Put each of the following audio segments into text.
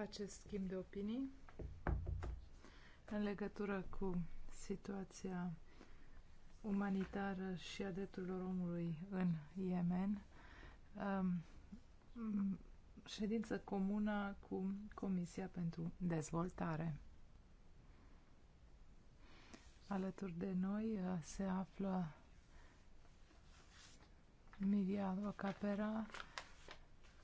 acest schimb de opinii în legătură cu situația umanitară și a drepturilor omului în Yemen. Um, ședință comună cu Comisia pentru Dezvoltare. Alături de noi uh, se află Miriam Capera,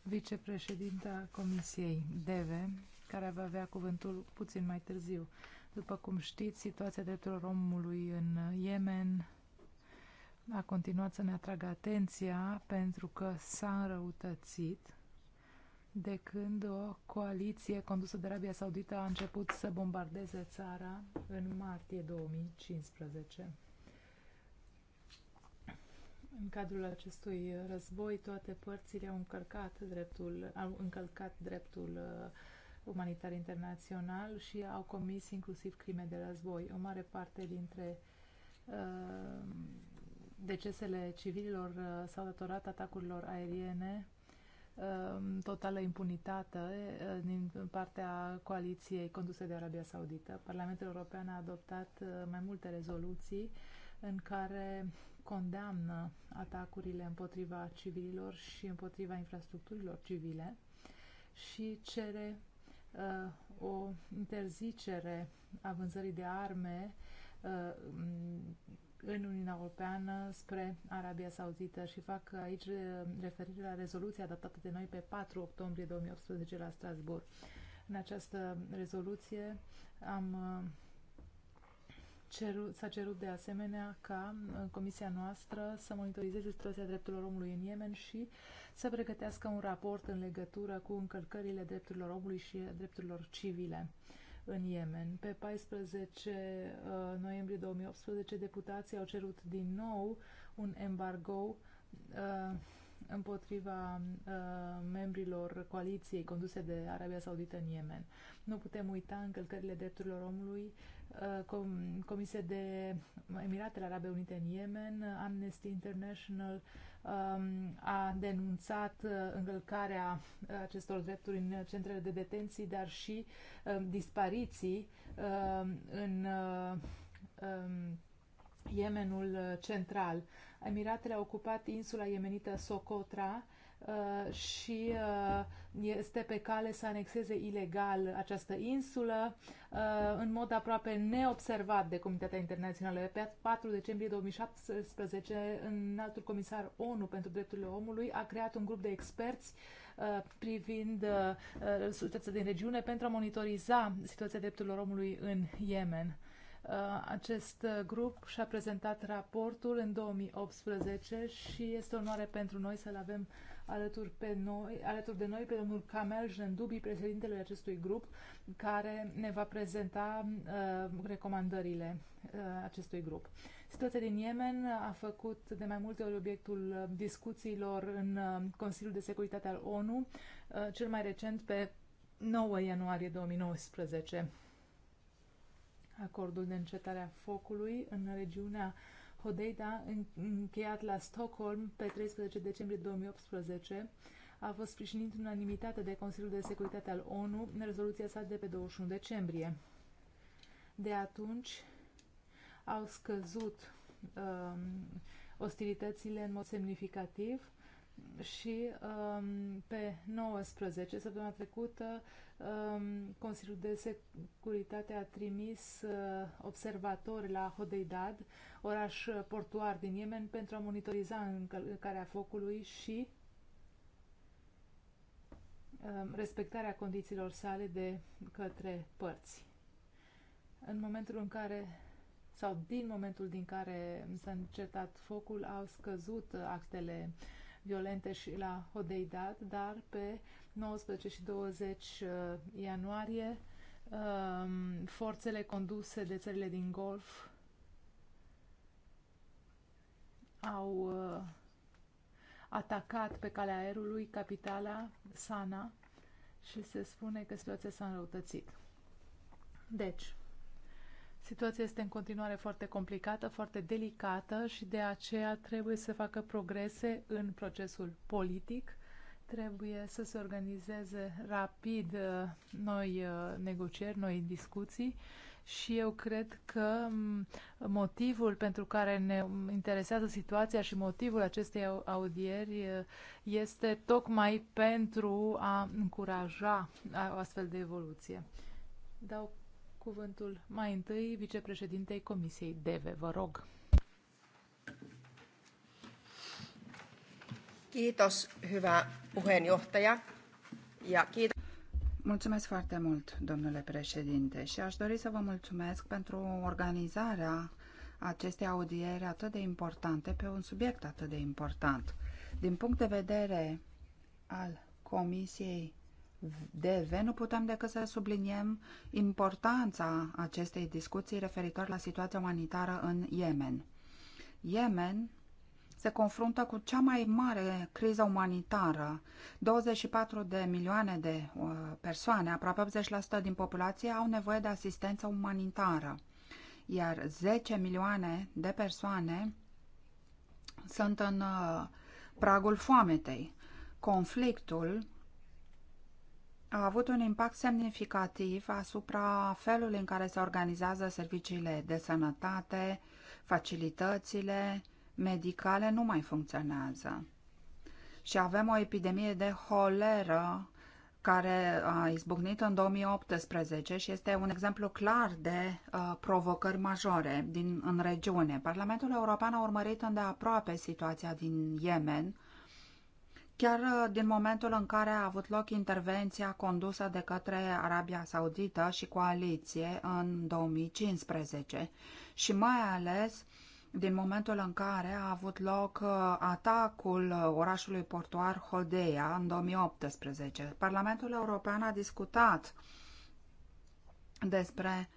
vicepreședinta Comisiei DEVE, care va avea cuvântul puțin mai târziu. După cum știți, situația drepturilor omului în Yemen a continuat să ne atragă atenția pentru că s-a înrăutățit de când o coaliție condusă de Arabia Saudită a început să bombardeze țara în martie 2015. În cadrul acestui război, toate părțile au încălcat dreptul, au încălcat dreptul uh, umanitar internațional și au comis inclusiv crime de război. O mare parte dintre uh, decesele civililor uh, s-au datorat atacurilor aeriene, uh, totală impunitate uh, din partea coaliției conduse de Arabia Saudită. Parlamentul European a adoptat uh, mai multe rezoluții în care condamnă atacurile împotriva civililor și împotriva infrastructurilor civile și cere uh, o interzicere a vânzării de arme uh, în Uniunea Europeană spre Arabia Saudită și fac aici uh, referire la rezoluția adoptată de noi pe 4 octombrie 2018 la Strasbourg. În această rezoluție am uh, s-a cerut de asemenea ca uh, comisia noastră să monitorizeze situația drepturilor omului în Yemen și să pregătească un raport în legătură cu încălcările drepturilor omului și drepturilor civile în Yemen. Pe 14 uh, noiembrie 2018, deputații au cerut din nou un embargo uh, împotriva uh, membrilor coaliției conduse de Arabia Saudită în Yemen. Nu putem uita încălcările drepturilor omului uh, com comise de Emiratele Arabe Unite în Yemen. Amnesty International uh, a denunțat uh, încălcarea uh, acestor drepturi în centrele de detenții, dar și uh, dispariții uh, în uh, Yemenul uh, central. Emiratele au ocupat insula yemenită Socotra uh, și uh, este pe cale să anexeze ilegal această insulă în mod aproape neobservat de comunitatea internațională. Pe 4 decembrie 2017, în altul comisar ONU pentru drepturile omului a creat un grup de experți privind situația din regiune pentru a monitoriza situația drepturilor omului în Yemen. Uh, acest uh, grup și-a prezentat raportul în 2018 și este onoare pentru noi să-l avem alături, pe noi, alături de noi pe domnul Camel Jendubi, președintele acestui grup, care ne va prezenta uh, recomandările uh, acestui grup. Situația din Yemen a făcut de mai multe ori obiectul uh, discuțiilor în Consiliul de Securitate al ONU, uh, cel mai recent pe 9 ianuarie 2019 acordul de încetare a focului în regiunea Hodeida, încheiat la Stockholm pe 13 decembrie 2018, a fost sprijinit în unanimitate de Consiliul de Securitate al ONU în rezoluția sa de pe 21 decembrie. De atunci au scăzut um, ostilitățile în mod semnificativ și um, pe 19, săptămâna trecută, um, Consiliul de Securitate a trimis uh, observatori la Hodeidad, oraș portuar din Yemen, pentru a monitoriza încălcarea focului și um, respectarea condițiilor sale de către părți. În momentul în care sau din momentul din care s-a încetat focul, au scăzut actele uh, violente și la Hodeidad, dar pe 19 și 20 uh, ianuarie um, forțele conduse de țările din Golf au uh, atacat pe calea aerului capitala Sana și se spune că situația s-a înrăutățit. Deci, Situația este în continuare foarte complicată, foarte delicată și de aceea trebuie să facă progrese în procesul politic. Trebuie să se organizeze rapid uh, noi uh, negocieri, noi discuții și eu cred că mm, motivul pentru care ne interesează situația și motivul acestei audieri uh, este tocmai pentru a încuraja o astfel de evoluție. Dau cuvântul mai întâi vicepreședintei Comisiei DEVE. Vă rog. Kiitos, hyvä puheenjohtaja. Ja kiitos. Mulțumesc foarte mult, domnule președinte, și aș dori să vă mulțumesc pentru organizarea acestei audieri atât de importante pe un subiect atât de important. Din punct de vedere al Comisiei DV, nu putem decât să subliniem importanța acestei discuții referitor la situația umanitară în Yemen. Yemen se confruntă cu cea mai mare criză umanitară. 24 de milioane de uh, persoane, aproape 80% din populație, au nevoie de asistență umanitară, iar 10 milioane de persoane sunt în uh, pragul foametei. Conflictul a avut un impact semnificativ asupra felului în care se organizează serviciile de sănătate, facilitățile medicale nu mai funcționează. Și avem o epidemie de holeră care a izbucnit în 2018 și este un exemplu clar de uh, provocări majore din, în regiune. Parlamentul European a urmărit îndeaproape situația din Yemen Chiar uh, din momentul în care a avut loc intervenția condusă de către Arabia Saudită și coaliție în 2015 și mai ales din momentul în care a avut loc uh, atacul uh, orașului portuar Hodeia în 2018. Parlamentul European a discutat despre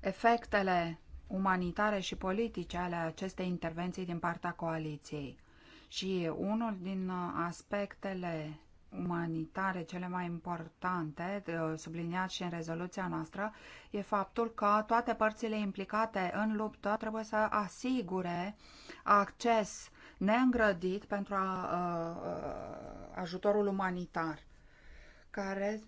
efectele umanitare și politice ale acestei intervenții din partea coaliției. Și unul din uh, aspectele umanitare cele mai importante, uh, subliniat și în rezoluția noastră, e faptul că toate părțile implicate în luptă trebuie să asigure acces neîngrădit pentru a, a, uh, a, ajutorul umanitar, care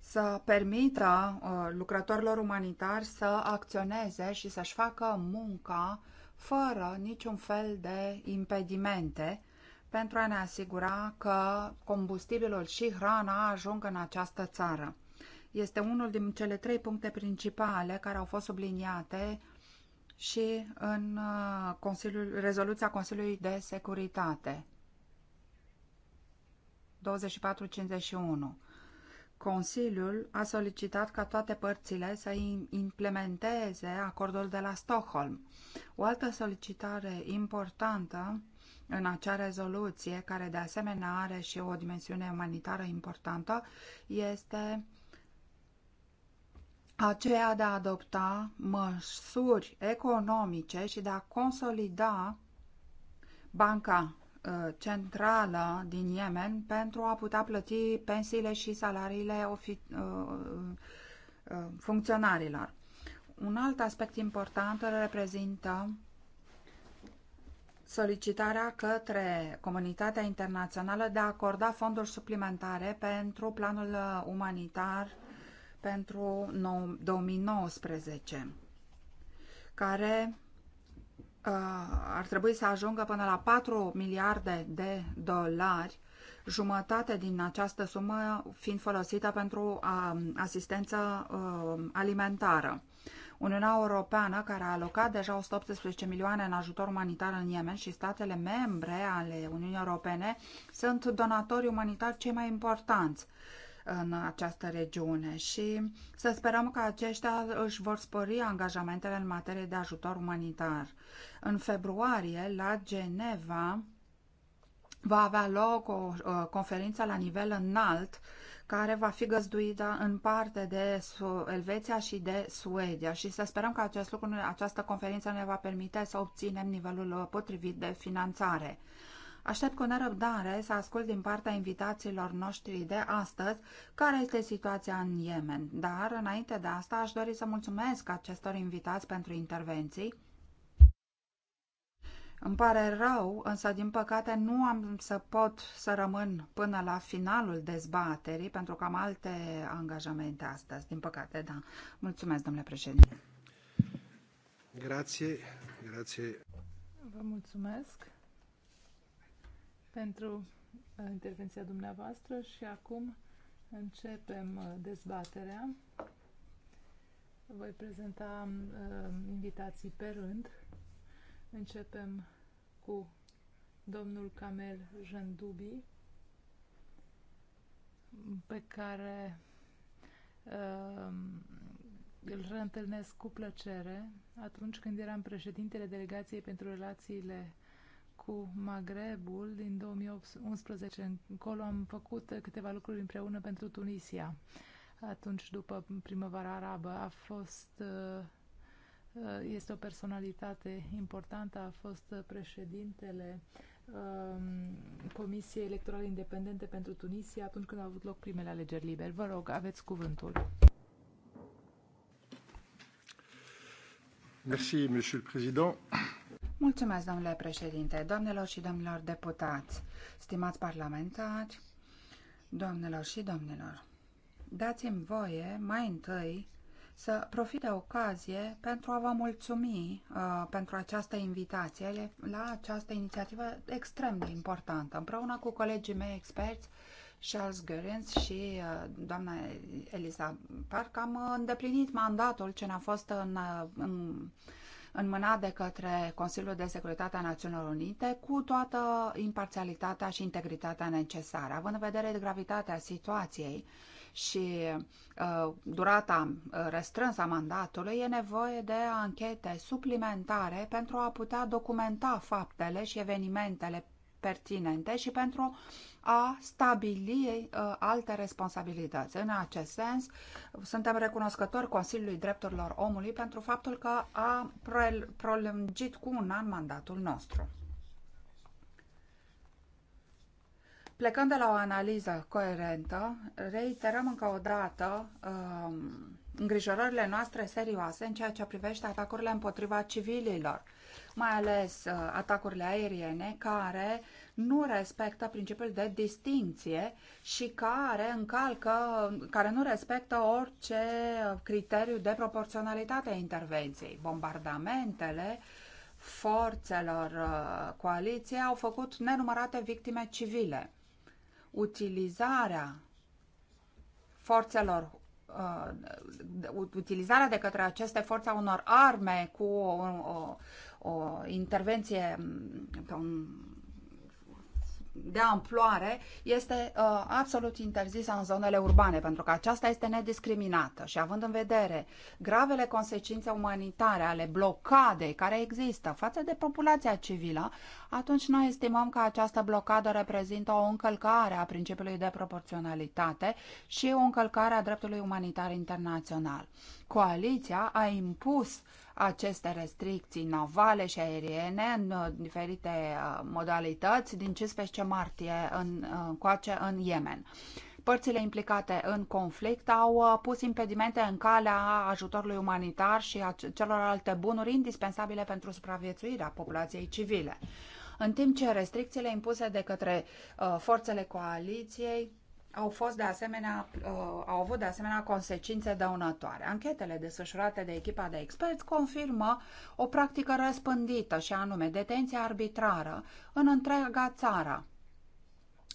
să permită a, lucrătorilor umanitari să acționeze și să-și facă munca fără niciun fel de impedimente pentru a ne asigura că combustibilul și hrana ajung în această țară. Este unul din cele trei puncte principale care au fost subliniate și în uh, Consiliul, rezoluția Consiliului de Securitate 2451. Consiliul a solicitat ca toate părțile să implementeze acordul de la Stockholm. O altă solicitare importantă în acea rezoluție, care de asemenea are și o dimensiune umanitară importantă, este aceea de a adopta măsuri economice și de a consolida Banca Uh, centrală din Yemen pentru a putea plăti pensiile și salariile uh, uh, funcționarilor. Un alt aspect important îl reprezintă solicitarea către comunitatea internațională de a acorda fonduri suplimentare pentru planul umanitar pentru 2019, care Uh, ar trebui să ajungă până la 4 miliarde de dolari, jumătate din această sumă fiind folosită pentru um, asistență um, alimentară. Uniunea Europeană, care a alocat deja 118 milioane în ajutor umanitar în Yemen și statele membre ale Uniunii Europene, sunt donatorii umanitari cei mai importanți în această regiune și să sperăm că aceștia își vor spori angajamentele în materie de ajutor umanitar. În februarie, la Geneva, va avea loc o conferință la nivel înalt care va fi găzduită în parte de Elveția și de Suedia și să sperăm că acest lucru, această conferință ne va permite să obținem nivelul potrivit de finanțare. Aștept cu nerăbdare să ascult din partea invitațiilor noștri de astăzi care este situația în Yemen. Dar, înainte de asta, aș dori să mulțumesc acestor invitați pentru intervenții. Îmi pare rău, însă din păcate nu am să pot să rămân până la finalul dezbaterii, pentru că am alte angajamente astăzi, din păcate, da. Mulțumesc, domnule președinte. Grație, grație. Vă mulțumesc pentru uh, intervenția dumneavoastră și acum începem uh, dezbaterea. Voi prezenta uh, invitații pe rând. Începem cu domnul Camel Jandubi, pe care uh, îl reîntâlnesc cu plăcere atunci când eram președintele delegației pentru relațiile cu Magrebul din 2011 încolo am făcut câteva lucruri împreună pentru Tunisia. Atunci, după primăvara arabă, a fost uh, este o personalitate importantă, a fost președintele um, Comisiei Electorale Independente pentru Tunisia atunci când au avut loc primele alegeri libere. Vă rog, aveți cuvântul. Merci, Monsieur le Président. Mulțumesc, domnule președinte, doamnelor și domnilor deputați, stimați parlamentari, doamnelor și domnilor. Dați-mi voie mai întâi să profit de ocazie pentru a vă mulțumi uh, pentru această invitație la această inițiativă extrem de importantă. Împreună cu colegii mei experți, Charles Gerens și uh, doamna Eliza Parc, am îndeplinit mandatul ce ne-a fost în, uh, în uh, înmânat de către Consiliul de Securitate a Națiunilor Unite cu toată imparțialitatea și integritatea necesară. Având în vedere gravitatea situației și uh, durata uh, restrânsă a mandatului, e nevoie de anchete suplimentare pentru a putea documenta faptele și evenimentele pertinente și pentru a stabili uh, alte responsabilități. În acest sens, suntem recunoscători Consiliului Drepturilor Omului pentru faptul că a prolungit cu un an mandatul nostru. Plecând de la o analiză coerentă, reiterăm încă o dată uh, îngrijorările noastre serioase în ceea ce privește atacurile împotriva civililor. Uh, mai ales uh, atacurile aeriene, care nu respectă principiul de distinție și care încalcă, care nu respectă orice criteriu de proporționalitate a intervenției. Bombardamentele forțelor uh, coaliției au făcut nenumărate victime civile. Utilizarea forțelor Uh, uh, utilizarea de către aceste forțe a unor arme cu o, o, o intervenție um, pe un de amploare este uh, absolut interzisă în zonele urbane, pentru că aceasta este nediscriminată și având în vedere gravele consecințe umanitare ale blocadei care există față de populația civilă, atunci noi estimăm că această blocadă reprezintă o încălcare a principiului de proporționalitate și o încălcare a dreptului umanitar internațional. Coaliția a impus aceste restricții navale și aeriene în uh, diferite uh, modalități din 15 martie în, uh, coace în Yemen. Părțile implicate în conflict au pus impedimente în calea ajutorului umanitar și a celorlalte bunuri indispensabile pentru supraviețuirea populației civile. În timp ce restricțiile impuse de către uh, forțele coaliției au fost de asemenea, uh, au avut de asemenea consecințe dăunătoare. Anchetele desfășurate de echipa de experți confirmă o practică răspândită și anume detenția arbitrară în întreaga țară.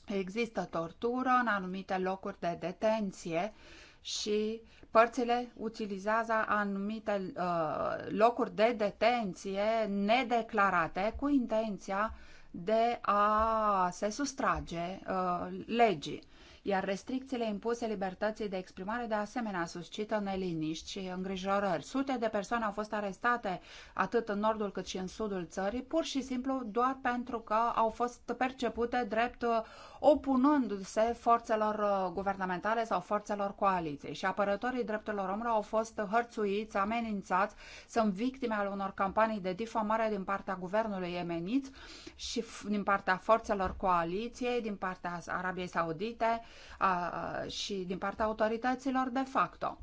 Există tortură în anumite locuri de detenție și părțile utilizează anumite uh, locuri de detenție nedeclarate cu intenția de a se sustrage uh, legii iar restricțiile impuse libertății de exprimare de asemenea suscită neliniști și îngrijorări. Sute de persoane au fost arestate atât în nordul cât și în sudul țării, pur și simplu doar pentru că au fost percepute drept uh, opunându-se forțelor uh, guvernamentale sau forțelor coaliției și apărătorii drepturilor omului au fost hărțuiți, amenințați, sunt victime ale unor campanii de difamare din partea guvernului emenit și din partea forțelor coaliției, din partea Arabiei Saudite, a, și din partea autorităților de facto.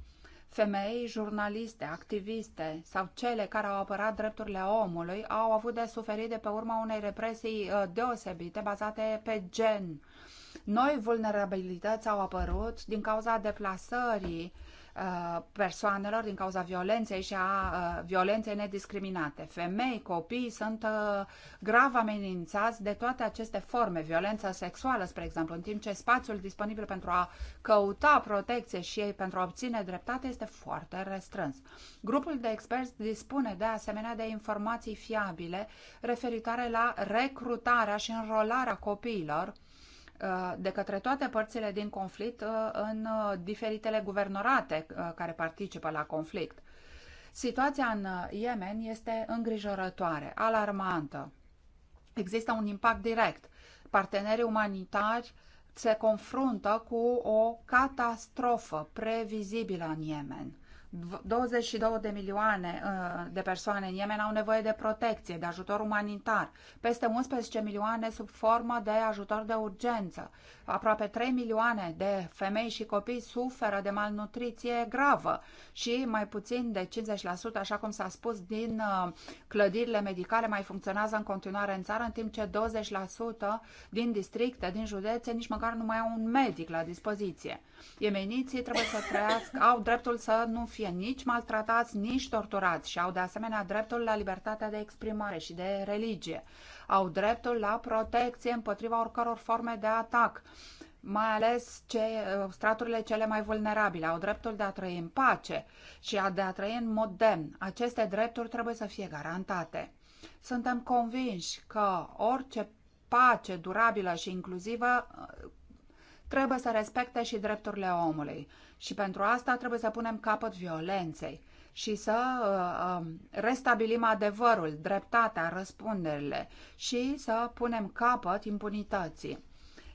Femei, jurnaliste, activiste sau cele care au apărat drepturile omului au avut de suferit de pe urma unei represii uh, deosebite bazate pe gen. Noi vulnerabilități au apărut din cauza deplasării Uh, persoanelor din cauza violenței și a uh, violenței nediscriminate. Femei, copii sunt uh, grav amenințați de toate aceste forme, violența sexuală, spre exemplu, în timp ce spațiul disponibil pentru a căuta protecție și ei pentru a obține dreptate este foarte restrâns. Grupul de experți dispune de asemenea de informații fiabile referitoare la recrutarea și înrolarea copiilor Uh, de către toate părțile din conflict uh, în uh, diferitele guvernorate care participă la conflict. Situația în Yemen este îngrijorătoare, alarmantă. Există un impact direct. Partenerii umanitari se confruntă cu o catastrofă previzibilă în Yemen. 22 de milioane uh, de persoane în Yemen au nevoie de protecție, de ajutor umanitar, peste 11 milioane sub formă de ajutor de urgență. Aproape 3 milioane de femei și copii suferă de malnutriție gravă și mai puțin de 50%, așa cum s-a spus, din uh, clădirile medicale mai funcționează în continuare în țară, în timp ce 20% din districte, din județe, nici măcar nu mai au un medic la dispoziție. Iemeniții trebuie să trăiască, au dreptul să nu fie fie nici maltratați, nici torturați și au de asemenea dreptul la libertatea de exprimare și de religie. Au dreptul la protecție împotriva oricăror forme de atac mai ales ce, straturile cele mai vulnerabile, au dreptul de a trăi în pace și de a trăi în mod demn. Aceste drepturi trebuie să fie garantate. Suntem convinși că orice pace durabilă și inclusivă uh, trebuie să respecte și drepturile omului. Și pentru asta trebuie să punem capăt violenței și să uh, um, restabilim adevărul, dreptatea, răspunderile și să punem capăt impunității.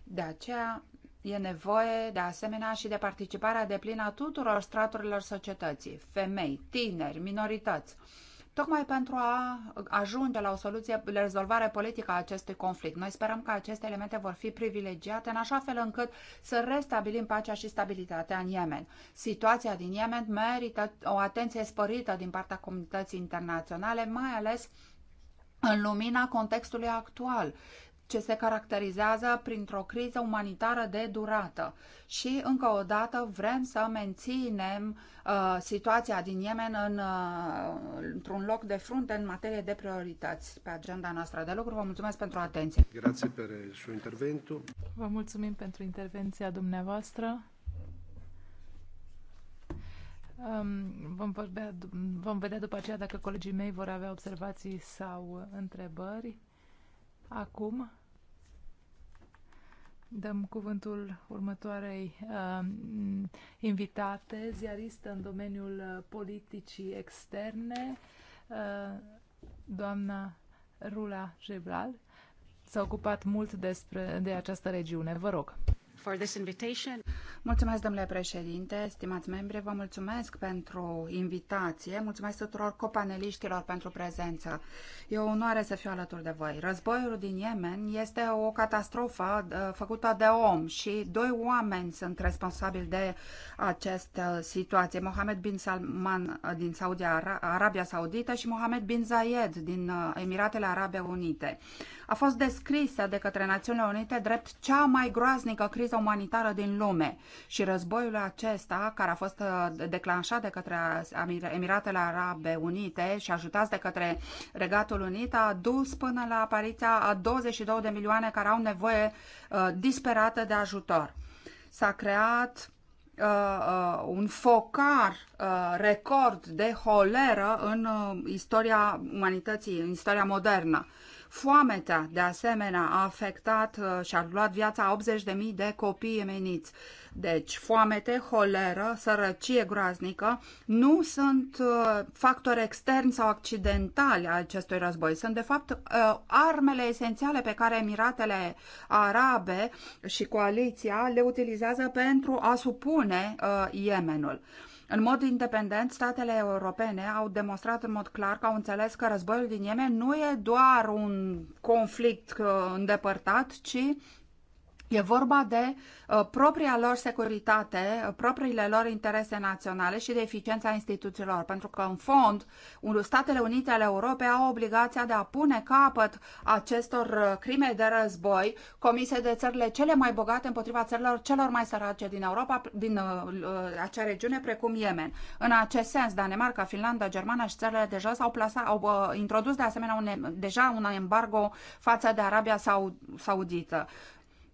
De aceea e nevoie de asemenea și de participarea plină a tuturor straturilor societății, femei, tineri, minorități, tocmai pentru a ajunge la o soluție, la rezolvare politică a acestui conflict. Noi sperăm că aceste elemente vor fi privilegiate în așa fel încât să restabilim pacea și stabilitatea în Yemen. Situația din Yemen merită o atenție sporită din partea comunității internaționale, mai ales în lumina contextului actual ce se caracterizează printr-o criză umanitară de durată. Și, încă o dată, vrem să menținem uh, situația din Yemen în, uh, într-un loc de frunte în materie de priorități pe agenda noastră de lucru. Vă mulțumesc pentru atenție. Grazie per suo intervento. Vă mulțumim pentru intervenția dumneavoastră. Um, vom, vorbea, vom vedea după aceea dacă colegii mei vor avea observații sau întrebări. Acum dăm cuvântul următoarei uh, invitate, ziaristă în domeniul uh, politicii externe, uh, doamna Rula Jebral. S-a ocupat mult despre, de această regiune. Vă rog. Mulțumesc, domnule președinte, stimați membri, vă mulțumesc pentru invitație, mulțumesc tuturor copaneliștilor pentru prezență. E o onoare să fiu alături de voi. Războiul din Yemen este o catastrofă uh, făcută de om și doi oameni sunt responsabili de această situație. Mohamed bin Salman uh, din Saudi Arabia Saudită și Mohamed bin Zayed din uh, Emiratele Arabe Unite. A fost descrisă de către Națiunile Unite drept cea mai groaznică criză criza umanitară din lume și războiul acesta, care a fost uh, declanșat de către Emiratele Arabe Unite și ajutat de către Regatul Unit, a dus până la apariția a 22 de milioane care au nevoie uh, disperată de ajutor. S-a creat Uh, uh, un focar uh, record de holeră în uh, istoria umanității, în istoria modernă. Foametea, de asemenea, a afectat uh, și a luat viața a 80.000 de copii emeniți. Deci, foamete, holeră, sărăcie groaznică nu sunt uh, factori externi sau accidentali a acestui război. Sunt, de fapt, uh, armele esențiale pe care Emiratele Arabe și coaliția le utilizează pentru a supune Yemenul. Uh, în mod independent, statele europene au demonstrat în mod clar că au înțeles că războiul din Yemen nu e doar un conflict uh, îndepărtat, ci E vorba de uh, propria lor securitate, uh, propriile lor interese naționale și de eficiența instituțiilor, pentru că, în fond, Statele Unite ale Europei au obligația de a pune capăt acestor uh, crime de război comise de țările cele mai bogate împotriva țărilor celor mai sărace din Europa, din uh, uh acea regiune, precum Yemen. În acest sens, Danemarca, Finlanda, Germania și țările de jos au, plasat, au uh, introdus de asemenea un, deja un embargo față de Arabia Saudită.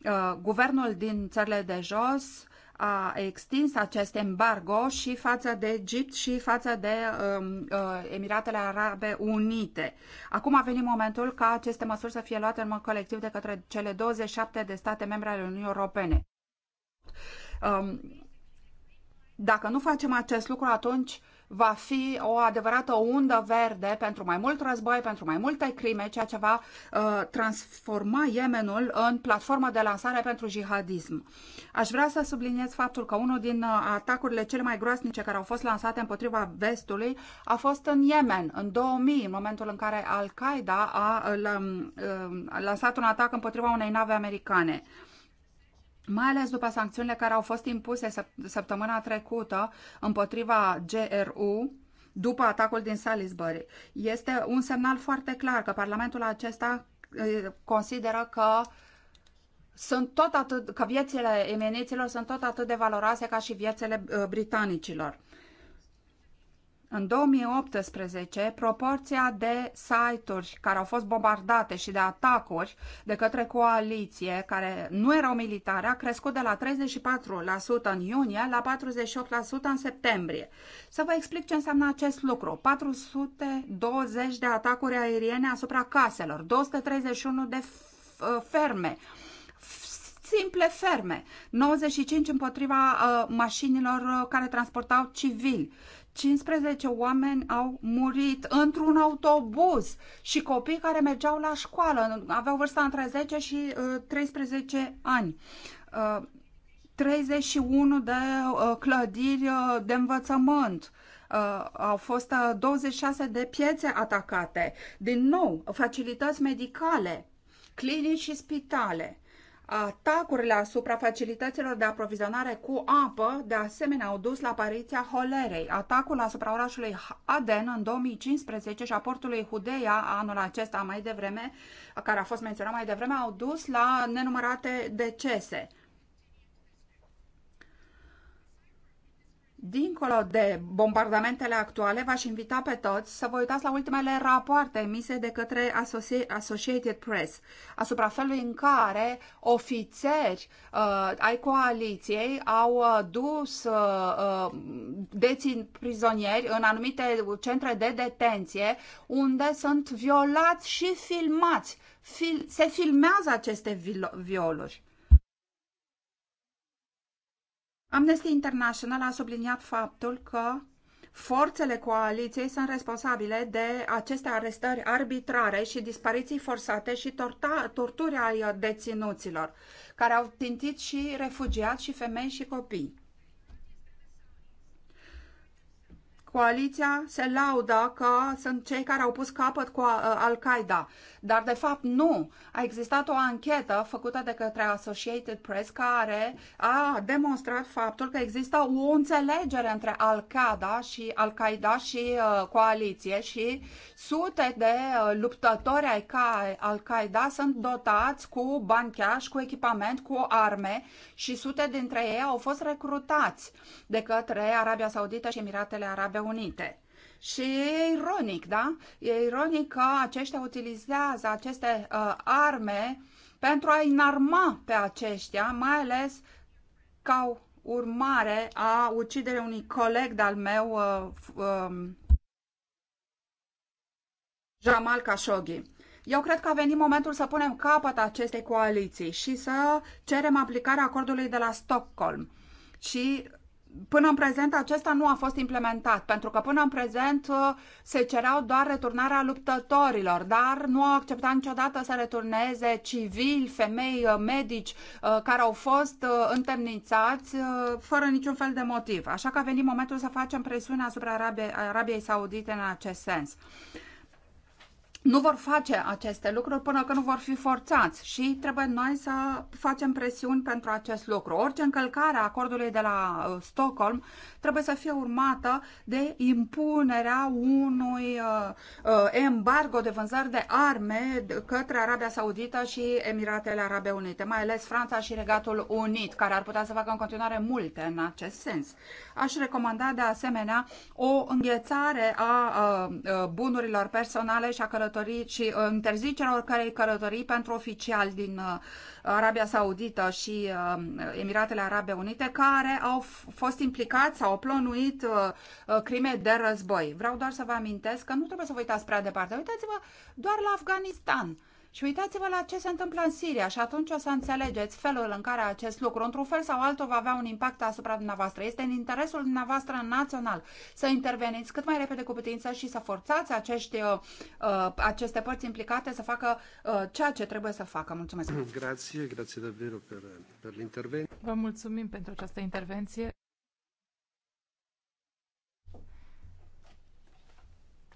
Uh, guvernul din țările de jos a extins acest embargo și față de Egipt și față de um, uh, Emiratele Arabe Unite. Acum a venit momentul ca aceste măsuri să fie luate în mod colectiv de către cele 27 de state membre ale Uniunii Europene. Um, dacă nu facem acest lucru, atunci uh, va fi o adevărată undă verde pentru mai mult război, pentru mai multe crime, ceea ce va uh, transforma Yemenul în platformă de lansare pentru jihadism. Aș vrea să subliniez faptul că unul din uh, atacurile cele mai groasnice care au fost lansate împotriva vestului a fost în Yemen, în 2000, în momentul în care Al-Qaeda um, uh, a lansat un atac împotriva unei nave americane mai ales după sancțiunile care au fost impuse săptămâna trecută împotriva GRU, după atacul din Salisbury. Este un semnal foarte clar că Parlamentul acesta eh, consideră că sunt tot atât, că viețile emeniților sunt tot atât de valoroase ca și viețile eh, britanicilor. În 2018, proporția de site-uri care au fost bombardate și de atacuri de către coaliție care nu erau militare a crescut de la 34% în iunie la 48% în septembrie. Să vă explic ce înseamnă acest lucru. 420 de atacuri aeriene asupra caselor, 231 de ferme, simple ferme, 95 împotriva uh, mașinilor uh, care transportau civili, 15 oameni au murit într-un autobuz și copii care mergeau la școală, aveau vârsta între 10 și uh, 13 ani. Uh, 31 de uh, clădiri uh, de învățământ. Uh, au fost uh, 26 de piețe atacate. Din nou, facilități medicale, clinici și spitale Atacurile asupra facilităților de aprovizionare cu apă, de asemenea, au dus la apariția holerei. Atacul asupra orașului Aden în 2015 și a portului Hudeia anul acesta mai devreme, care a fost menționat mai devreme, au dus la nenumărate decese. Dincolo de bombardamentele actuale, v-aș invita pe toți să vă uitați la ultimele rapoarte emise de către Associated Press asupra felului în care ofițeri uh, ai coaliției au uh, dus uh, uh, dețin prizonieri în anumite centre de detenție unde sunt violați și filmați. Fil- se filmează aceste viol violuri. Amnesty International a subliniat faptul că forțele coaliției sunt responsabile de aceste arestări arbitrare și dispariții forțate și torturi ai deținuților, care au tintit și refugiați și femei și copii. Coaliția se laudă că sunt cei care au pus capăt cu uh, Al-Qaeda dar, de fapt, nu. A existat o anchetă făcută de către Associated Press care a demonstrat faptul că există o înțelegere între Al-Qaeda și Al-Qaeda și uh, coaliție și sute de uh, luptători ai Al-Qaeda sunt dotați cu bani cash, cu echipament, cu arme și sute dintre ei au fost recrutați de către Arabia Saudită și Emiratele Arabe Unite. Și e ironic, da? E ironic că aceștia utilizează aceste uh, arme pentru a înarma pe aceștia, mai ales ca urmare a uciderii unui coleg de-al meu, uh, uh, Jamal Khashoggi. Eu cred că a venit momentul să punem capăt acestei coaliții și să cerem aplicarea acordului de la Stockholm. Și până în prezent acesta nu a fost implementat, pentru că până în prezent uh, se cereau doar returnarea luptătorilor, dar nu au acceptat niciodată să returneze civili, femei, uh, medici uh, care au fost întemnițați fără niciun fel de motiv. Așa că a venit momentul să facem presiune asupra Arabiei, Arabiei Saudite în acest sens nu vor face aceste lucruri până când nu vor fi forțați și trebuie noi să facem presiuni pentru acest lucru. Orice încălcare a acordului de la uh, Stockholm trebuie să fie urmată de impunerea unui uh, uh, embargo de vânzări de arme către Arabia Saudită și Emiratele Arabe Unite, mai ales Franța și Regatul Unit, care ar putea să facă în continuare multe în acest sens. Aș recomanda de asemenea o înghețare a uh, bunurilor personale și a călătorii și interzicerea oricărei călătorii pentru oficiali din Arabia Saudită și um, Emiratele Arabe Unite, care au fost implicați sau au plănuit uh, uh, crime de război. Vreau doar să vă amintesc că nu trebuie să vă uitați prea departe. Uitați-vă doar la Afganistan și uitați-vă la ce se întâmplă în Siria și atunci o să înțelegeți felul în care acest lucru, într-un fel sau altul, va avea un impact asupra dumneavoastră. Este în interesul dumneavoastră național să interveniți cât mai repede cu putință și să forțați acești, uh, uh aceste părți implicate să facă uh, ceea ce trebuie să facă. Mulțumesc! Grație, grație de per, per Vă mulțumim pentru această intervenție.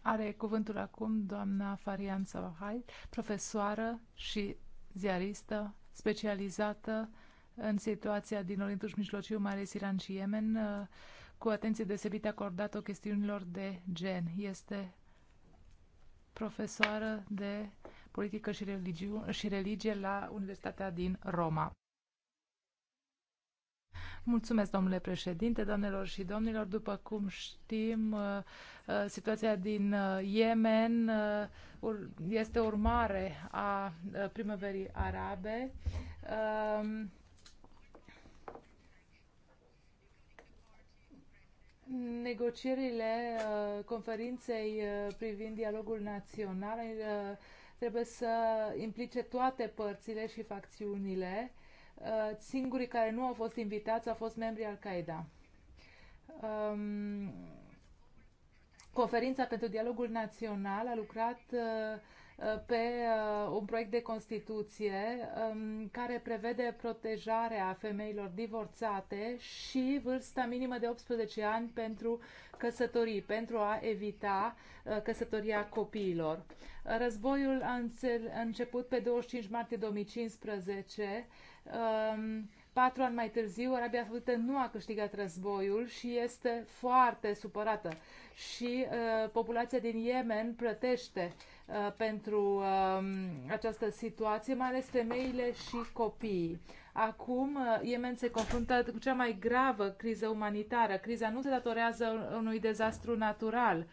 Are cuvântul acum doamna Farian Savahai, profesoară și ziaristă specializată în situația din Orientul Mijlociu, mai ales Iran și Yemen, uh, cu atenție deosebită acordată chestiunilor de gen. Este profesoară de politică și, religiu- și religie la Universitatea din Roma. Mulțumesc, domnule președinte, doamnelor și domnilor. După cum știm, uh, uh, situația din uh, Yemen este urmare a primăverii arabe. Um, negocierile conferinței privind dialogul național trebuie să implice toate părțile și facțiunile Uh, singurii care nu au fost invitați au fost membrii Al-Qaeda. Um, Conferința pentru Dialogul Național a lucrat uh, uh, pe un proiect de Constituție um, care prevede protejarea femeilor divorțate și vârsta minimă de 18 ani pentru căsătorii, pentru a evita căsătoria copiilor. Războiul a început pe 25 martie 2015 Um, patru ani mai târziu, Arabia Saudită nu a câștigat războiul și este foarte supărată. Și uh, populația din Yemen plătește uh, pentru uh, această situație, mai ales femeile și copiii. Acum, uh, Yemen se confruntă cu cea mai gravă criză umanitară. Criza nu se datorează unui dezastru natural.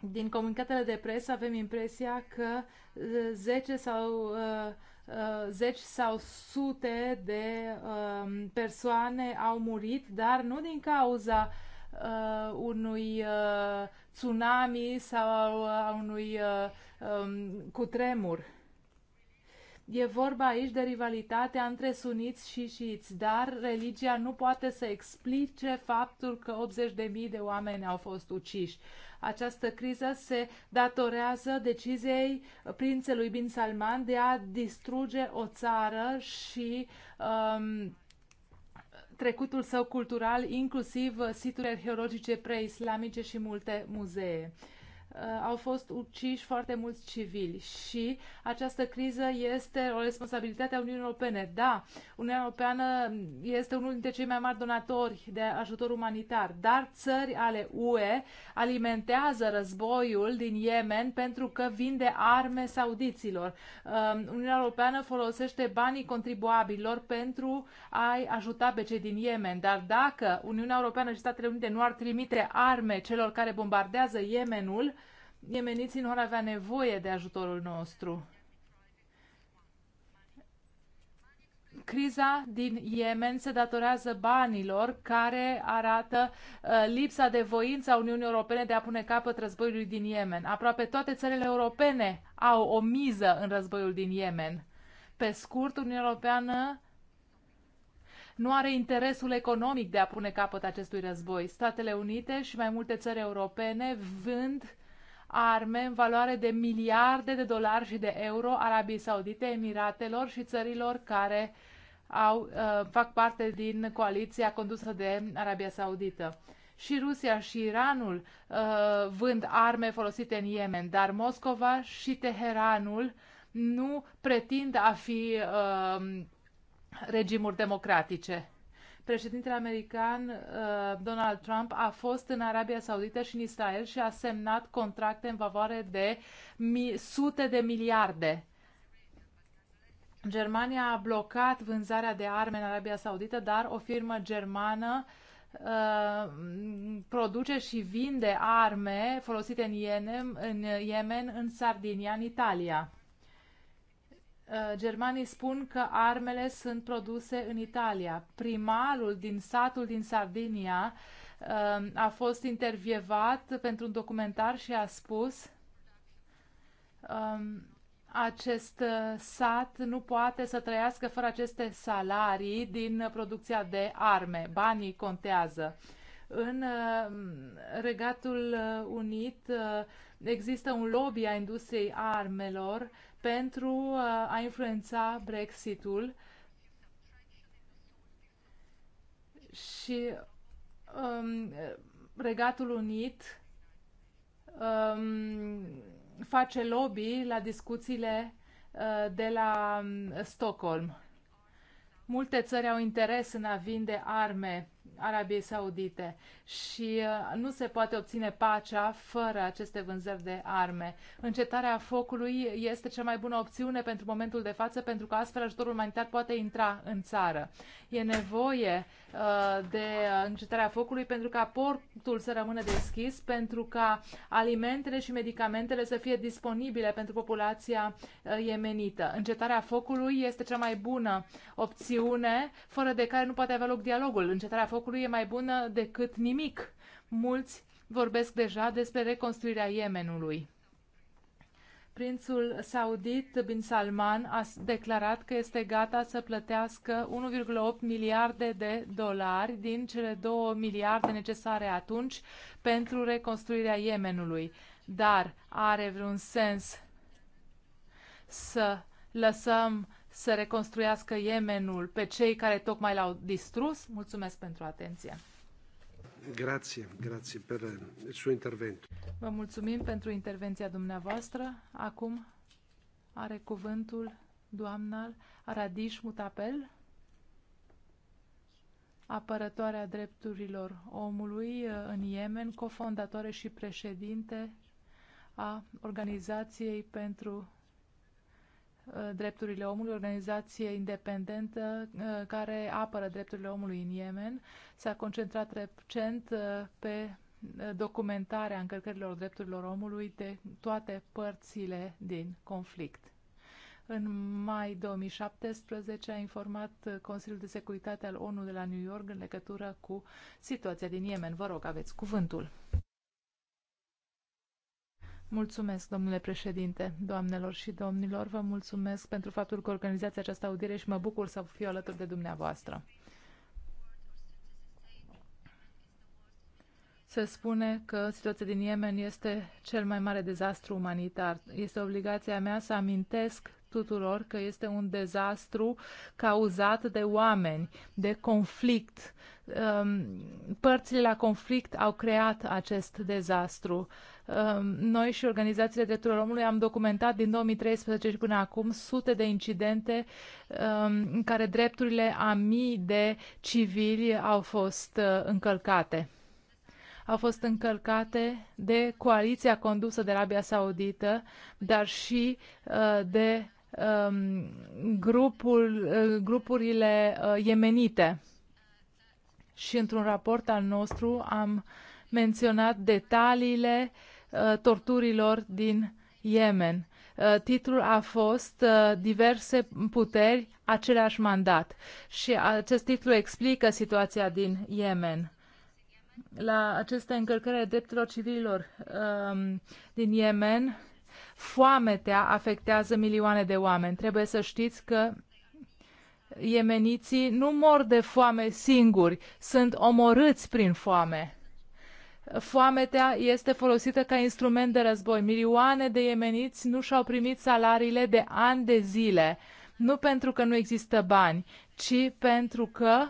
Din comunicatele de presă avem impresia că uh, 10 sau uh, Uh, zeci sau sute de uh, persoane au murit, dar nu din cauza uh, unui uh, tsunami sau a unui uh, um, cutremur. E vorba aici de rivalitatea între suniți și șiți, dar religia nu poate să explice faptul că 80.000 de oameni au fost uciși. Această criză se datorează deciziei prințelui bin Salman de a distruge o țară și um, trecutul său cultural, inclusiv situri arheologice preislamice și multe muzee. Uh, au fost uciși foarte mulți civili și această criză este o responsabilitate a Uniunii Europene. Da, Uniunea Europeană este unul dintre cei mai mari donatori de ajutor umanitar, dar țări ale UE alimentează războiul din Yemen pentru că vinde arme saudiților. Um, Uniunea Europeană folosește banii contribuabililor pentru a-i ajuta pe cei din Yemen, dar dacă Uniunea Europeană și Statele Unite nu ar trimite arme celor care bombardează Yemenul, Iemeniții nu ar avea nevoie de ajutorul nostru. criza din Yemen se datorează banilor care arată uh, lipsa de voință a Uniunii Europene de a pune capăt războiului din Yemen. Aproape toate țările europene au o miză în războiul din Yemen. Pe scurt, Uniunea Europeană nu are interesul economic de a pune capăt acestui război. Statele Unite și mai multe țări europene vând arme în valoare de miliarde de dolari și de euro Arabiei Saudite, Emiratelor și țărilor care au, uh, fac parte din coaliția condusă de Arabia Saudită și Rusia și Iranul uh, vând arme folosite în Yemen, dar Moscova și Teheranul nu pretind a fi uh, regimuri democratice. Președintele american uh, Donald Trump a fost în Arabia Saudită și în Israel și a semnat contracte în favoare de sute de miliarde. Germania a blocat vânzarea de arme în Arabia Saudită, dar o firmă germană uh, produce și vinde arme folosite în Yemen, în, Yemen, în Sardinia, în Italia. Uh, germanii spun că armele sunt produse în Italia. Primarul din satul din Sardinia uh, a fost intervievat pentru un documentar și a spus um, acest uh, sat nu poate să trăiască fără aceste salarii din producția de arme. Banii contează. În Regatul Unit există un lobby a industriei armelor pentru uh, a influența Brexitul și um, Regatul Unit um, face lobby la discuțiile uh, de la um, Stockholm. Multe țări au interes în a vinde arme Arabiei Saudite și uh, nu se poate obține pacea fără aceste vânzări de arme. Încetarea focului este cea mai bună opțiune pentru momentul de față, pentru că astfel ajutorul umanitar poate intra în țară. E nevoie uh, de uh, încetarea focului pentru ca portul să rămână deschis, pentru ca alimentele și medicamentele să fie disponibile pentru populația iemenită. Încetarea focului este cea mai bună opțiune, fără de care nu poate avea loc dialogul. Încetarea focului locului e mai bună decât nimic. Mulți vorbesc deja despre reconstruirea Yemenului. Prințul saudit bin Salman a declarat că este gata să plătească 1,8 miliarde de dolari din cele 2 miliarde necesare atunci pentru reconstruirea Yemenului. Dar are vreun sens să lăsăm să reconstruiască Yemenul pe cei care tocmai l-au distrus? Mulțumesc pentru atenție. Grazie, grazie per il suo intervento. Vă mulțumim pentru intervenția dumneavoastră. Acum are cuvântul doamna radish Mutapel, apărătoarea drepturilor omului uh, în Yemen, cofondatoare și președinte a Organizației pentru Uh, drepturile omului, organizație independentă uh, care apără drepturile omului în Yemen. S-a concentrat recent uh, pe documentarea încălcărilor drepturilor omului de toate părțile din conflict. În mai 2017 a informat Consiliul de Securitate al ONU de la New York în legătură cu situația din Yemen. Vă rog, aveți cuvântul. Mulțumesc, domnule președinte, doamnelor și domnilor. Vă mulțumesc pentru faptul că organizați această audiere și mă bucur să fiu alături de dumneavoastră. Se spune că situația din Yemen este cel mai mare dezastru umanitar. Este obligația mea să amintesc tuturor că este un dezastru cauzat de oameni, de conflict. Um, părțile la conflict au creat acest dezastru. Ehm, noi și organizațiile drepturilor omului am documentat din 2013 și până acum sute de incidente ehm, în care drepturile a mii de civili au fost eh, încălcate au fost încălcate de coaliția condusă de Arabia Saudită, dar și eh, de ehm, grupul, eh, grupurile iemenite. Și într-un raport al nostru am menționat detaliile uh, Uh, torturilor din Yemen. Uh, titlul a fost uh, Diverse puteri, același mandat. Și acest titlu explică situația din Yemen la aceste încălcări ale drepturilor civililor um, din Yemen, foametea afectează milioane de oameni. Trebuie să știți că iemeniții nu mor de foame singuri, sunt omorâți prin foame foametea este folosită ca instrument de război. Milioane de iemeniți nu și-au primit salariile de ani de zile, nu pentru că nu există bani, ci pentru că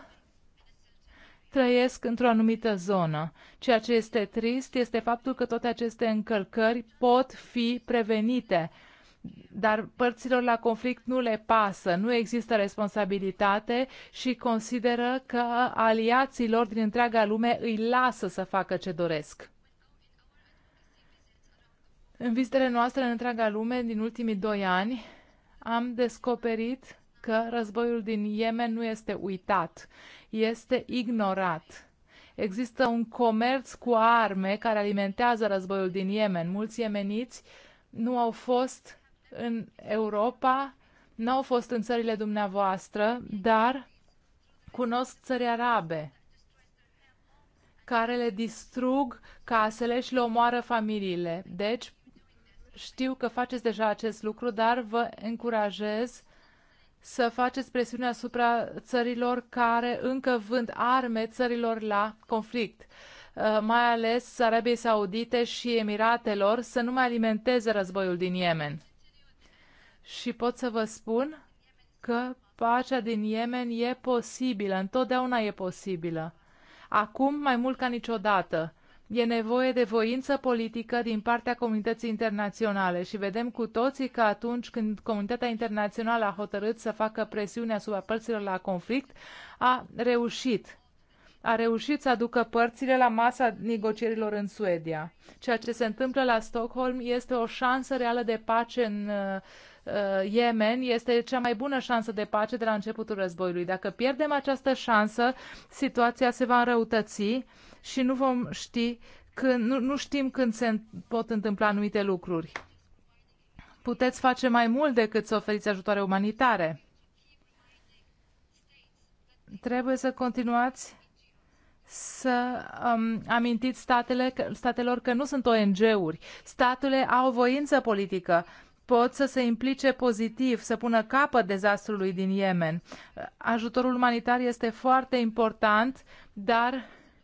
trăiesc într-o anumită zonă. Ceea ce este trist este faptul că toate aceste încălcări pot fi prevenite dar părților la conflict nu le pasă, nu există responsabilitate și consideră că aliații lor din întreaga lume îi lasă să facă ce doresc. În vizitele noastre în întreaga lume, din ultimii doi ani, am descoperit că războiul din Yemen nu este uitat, este ignorat. Există un comerț cu arme care alimentează războiul din Yemen. Mulți yemeniți nu au fost în Europa, nu au fost în țările dumneavoastră, dar cunosc țări arabe care le distrug casele și le omoară familiile. Deci, știu că faceți deja acest lucru, dar vă încurajez să faceți presiune asupra țărilor care încă vând arme țărilor la conflict, uh, mai ales Arabiei Saudite și Emiratelor, să nu mai alimenteze războiul din Yemen și pot să vă spun că pacea din Yemen e posibilă, întotdeauna e posibilă. Acum mai mult ca niciodată. E nevoie de voință politică din partea comunității internaționale și vedem cu toții că atunci când comunitatea internațională a hotărât să facă presiune asupra părților la conflict, a reușit. A reușit să aducă părțile la masa negocierilor în Suedia. Ceea ce se întâmplă la Stockholm este o șansă reală de pace în uh, uh, Yemen este cea mai bună șansă de pace de la începutul războiului. Dacă pierdem această șansă, situația se va înrăutăți și nu vom ști când, nu, nu știm când se pot întâmpla anumite lucruri. Puteți face mai mult decât să oferiți ajutoare umanitare. Trebuie să continuați să um, amintiți statele, statelor că nu sunt ONG-uri. Statele au voință politică. Uh, pot să se implice pozitiv, să pună capăt dezastrului din Yemen. Ajutorul umanitar este foarte important, dar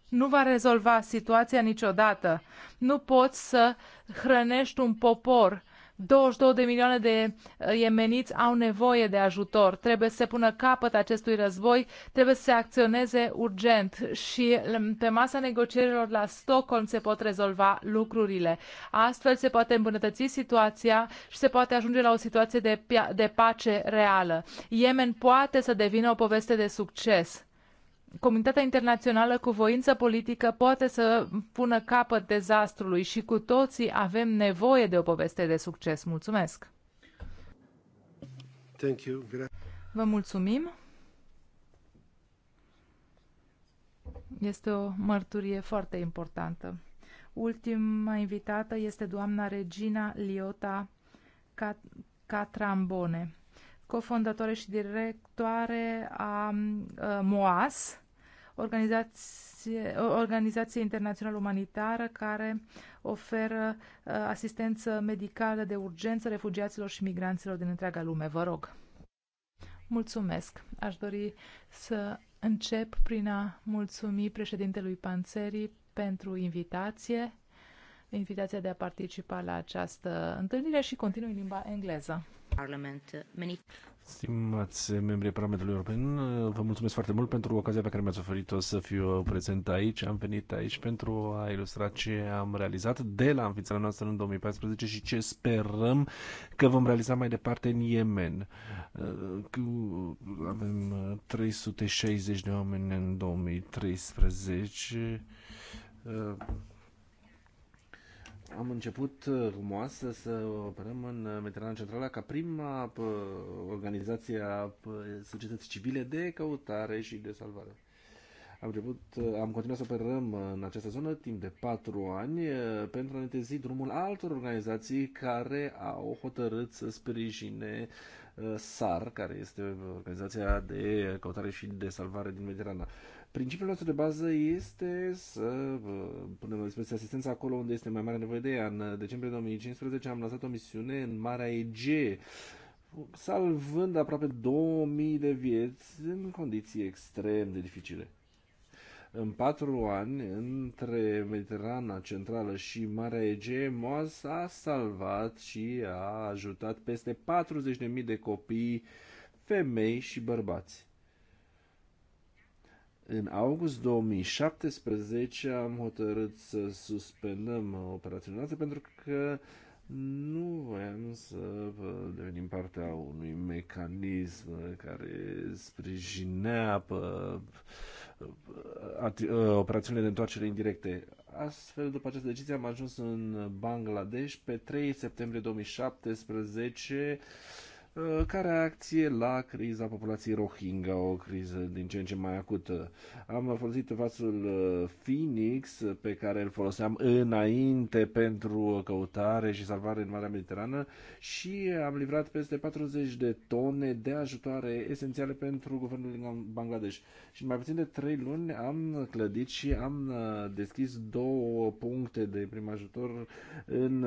nu va rezolva situația niciodată. Nu poți să hrănești un popor 22 de milioane de uh, iemeniți au nevoie de ajutor. Trebuie să se pună capăt acestui război, trebuie să se acționeze urgent și pe masa negocierilor la Stockholm se pot rezolva lucrurile. Astfel se poate îmbunătăți situația și se poate ajunge la o situație de, de pace reală. Yemen poate să devină o poveste de succes comunitatea internațională cu voință politică poate să pună capăt dezastrului și cu toții avem nevoie de o poveste de succes. Mulțumesc! Thank you. Vă mulțumim! Este o mărturie foarte importantă. Ultima invitată este doamna Regina Liota Catrambone, cofondatoare și directoare a uh, MOAS, organizație, o organizație internațională umanitară care oferă uh, asistență medicală de urgență refugiaților și migranților din întreaga lume. Vă rog. Mulțumesc. Aș dori să încep prin a mulțumi președintelui Panțerii pentru invitație, invitația de a participa la această întâlnire și continui în limba engleză. Parliament. Many... Stimați membrii Parlamentului European, vă mulțumesc foarte mult pentru ocazia pe care mi-ați oferit-o să fiu prezent aici. Am venit aici pentru a ilustra ce am realizat de la înființarea noastră în 2014 și ce sperăm că vom realiza mai departe în Yemen. Avem 360 de oameni în 2013 am început uh, rumoasă să operăm în uh, Mediterana Centrală ca prima uh, organizație a societății civile de căutare și de salvare. Am, început, am continuat să operăm în această zonă timp de patru ani pentru a netezi drumul altor organizații care au hotărât să sprijine SAR, care este organizația de căutare și de salvare din Mediterana. Principiul nostru de bază este să uh, punem la dispoziție asistența acolo unde este mai mare nevoie de ea. În uh, decembrie 2015 am lansat o misiune în Marea Ege, salvând aproape 2000 de vieți în condiții extrem de dificile. În patru ani, între Mediterana Centrală și Marea Ege, Moaz a salvat și a ajutat peste 40.000 de copii, femei și bărbați. În august 2017 am hotărât să suspendăm operaționalitatea pentru că nu voiam să devenim partea unui mecanism care sprijinea ă, operațiunile de întoarcere indirecte. Astfel, după această decizie, am ajuns în Bangladesh pe 3 septembrie 2017 Uh, ca reacție la criza populației Rohingya, o criză din ce în ce mai acută. Am folosit vasul uh, Phoenix pe care îl foloseam înainte pentru căutare și salvare în Marea Mediterană și am livrat peste 40 de tone de ajutoare esențiale pentru guvernul din Bangladesh. Și mai puțin de 3 luni am clădit și am uh, deschis două puncte de prim ajutor în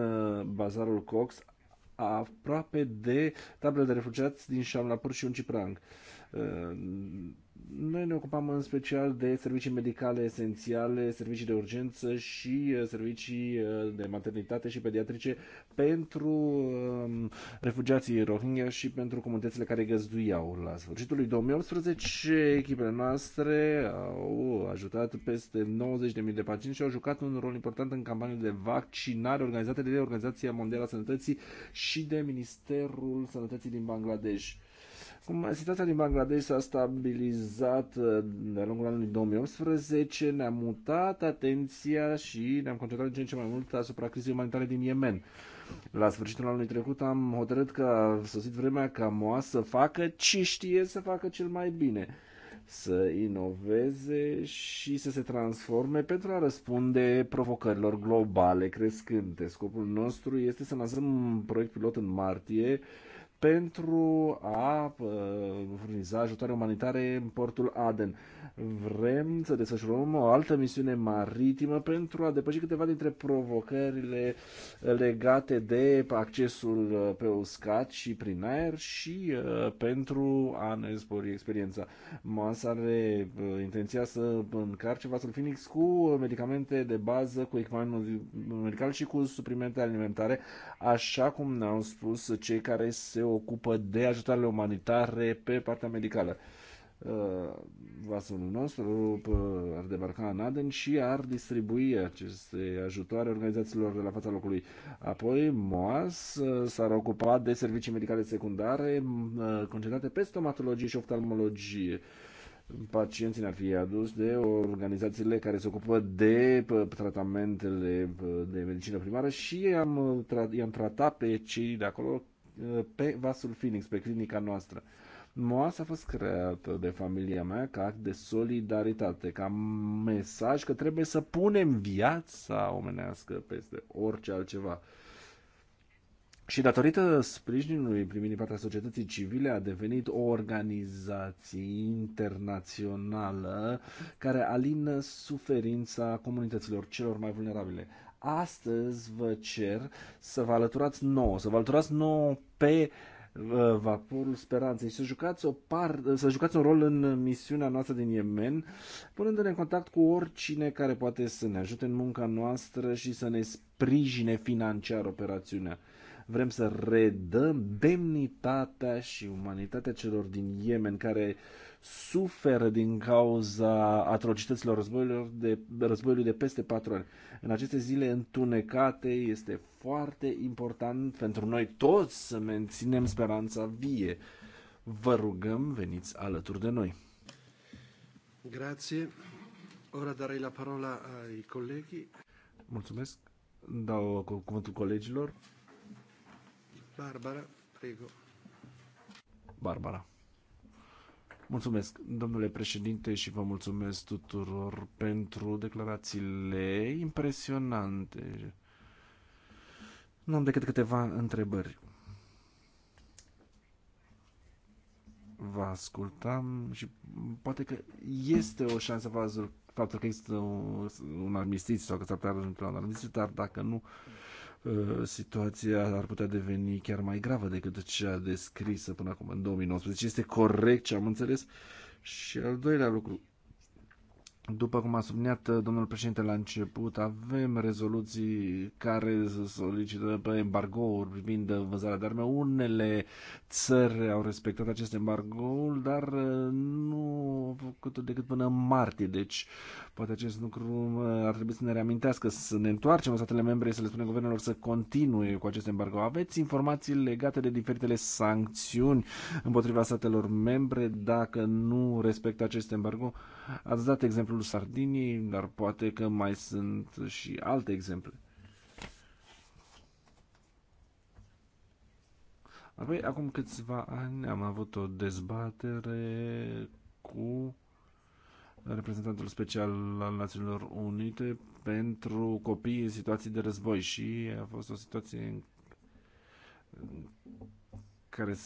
bazarul Cox, aproape de tablele de refugiați din Shamlapur și Unciprang. Noi ne ocupam în special de servicii medicale esențiale, servicii de urgență și uh, servicii uh, de maternitate și pediatrice pentru um, refugiații Rohingya și pentru comunitățile care găzduiau. La sfârșitul lui 2018, echipele noastre au ajutat peste 90.000 de pacienți și au jucat un rol important în campaniile de vaccinare organizate de Organizația Mondială a Sănătății și de Ministerul Sănătății din Bangladesh. Acum, situația din Bangladesh s-a stabilizat uh, de-a lungul anului 2018, ne-a mutat atenția și ne-am concentrat din ce în ce mai mult asupra crizei umanitare din Yemen. La sfârșitul anului trecut am hotărât că a sosit vremea ca MOA să facă ce știe să facă cel mai bine să inoveze și să se transforme pentru a răspunde provocărilor globale crescânte. Scopul nostru este să lansăm un proiect pilot în martie pentru a uh, furniza ajutoare umanitare în portul Aden. Vrem să desfășurăm o altă misiune maritimă pentru a depăși câteva dintre provocările legate de accesul uh, pe uscat și prin aer și uh, pentru a ne spori experiența. Moans are intenția să încarce vasul Phoenix cu medicamente de bază, cu echipament medical și cu suplimente alimentare, așa cum ne-au spus cei care se ocupă de ajutoarele umanitare pe partea medicală. Uh, vasul nostru uh, ar debarca în Aden și ar distribui aceste ajutoare organizațiilor de la fața locului. Apoi MOAS uh, s-ar ocupa de servicii medicale secundare concentrate pe stomatologie și oftalmologie pacienții ar fi aduși de organizațiile care se ocupă de tratamentele de medicină primară și i-am, tra- i-am tratat pe cei de acolo Uh, pe vasul Phoenix, pe clinica noastră. MOAS a fost creată de familia mea ca act de solidaritate, ca mesaj că trebuie să punem viața omenească peste orice altceva. Și datorită sprijinului primit din partea societății civile a devenit o organizație internațională care alină suferința comunităților celor mai vulnerabile astăzi vă cer să vă alăturați nouă, să vă alăturați nouă pe uh, vaporul Speranței și să jucați, o par, să jucați un rol în misiunea noastră din Yemen, punându-ne în contact cu oricine care poate să ne ajute în munca noastră și să ne sprijine financiar operațiunea. Vrem să redăm demnitatea și umanitatea celor din Yemen care suferă din cauza atrocităților războiului de, războiului de peste patru ani. În aceste zile întunecate este foarte important pentru noi toți să menținem speranța vie. Vă rugăm, veniți alături de noi. Grazie. Ora darei la parola ai colegi. Mulțumesc. Dau cuvântul colegilor. Barbara, prego. Barbara. Mulțumesc, domnule președinte, și vă mulțumesc tuturor pentru declarațiile impresionante. Nu am decât câteva întrebări. Vă ascultam și poate că este o șansă faptul că există un armistițiu sau că s-ar putea ajunge la un armistițiu, dar dacă nu, Uh, situația ar putea deveni chiar mai gravă decât cea descrisă până acum în 2019. Este corect ce am înțeles. Și al doilea lucru, după cum a subliniat uh, domnul președinte la început, avem rezoluții care solicită pe embargouri privind vânzarea de arme. Unele țări au respectat acest embargo, dar uh, nu au făcut decât până în martie. Deci Poate acest lucru ar trebui să ne reamintească, să ne întoarcem în statele membre, să le spunem guvernelor să continue cu acest embargo. Aveți informații legate de diferitele sancțiuni împotriva statelor membre dacă nu respectă acest embargo? Ați dat exemplul Sardiniei, dar poate că mai sunt și alte exemple. Apoi, acum câțiva ani am avut o dezbatere cu reprezentantul special al Națiunilor Unite pentru copii în situații de război și a fost o situație în care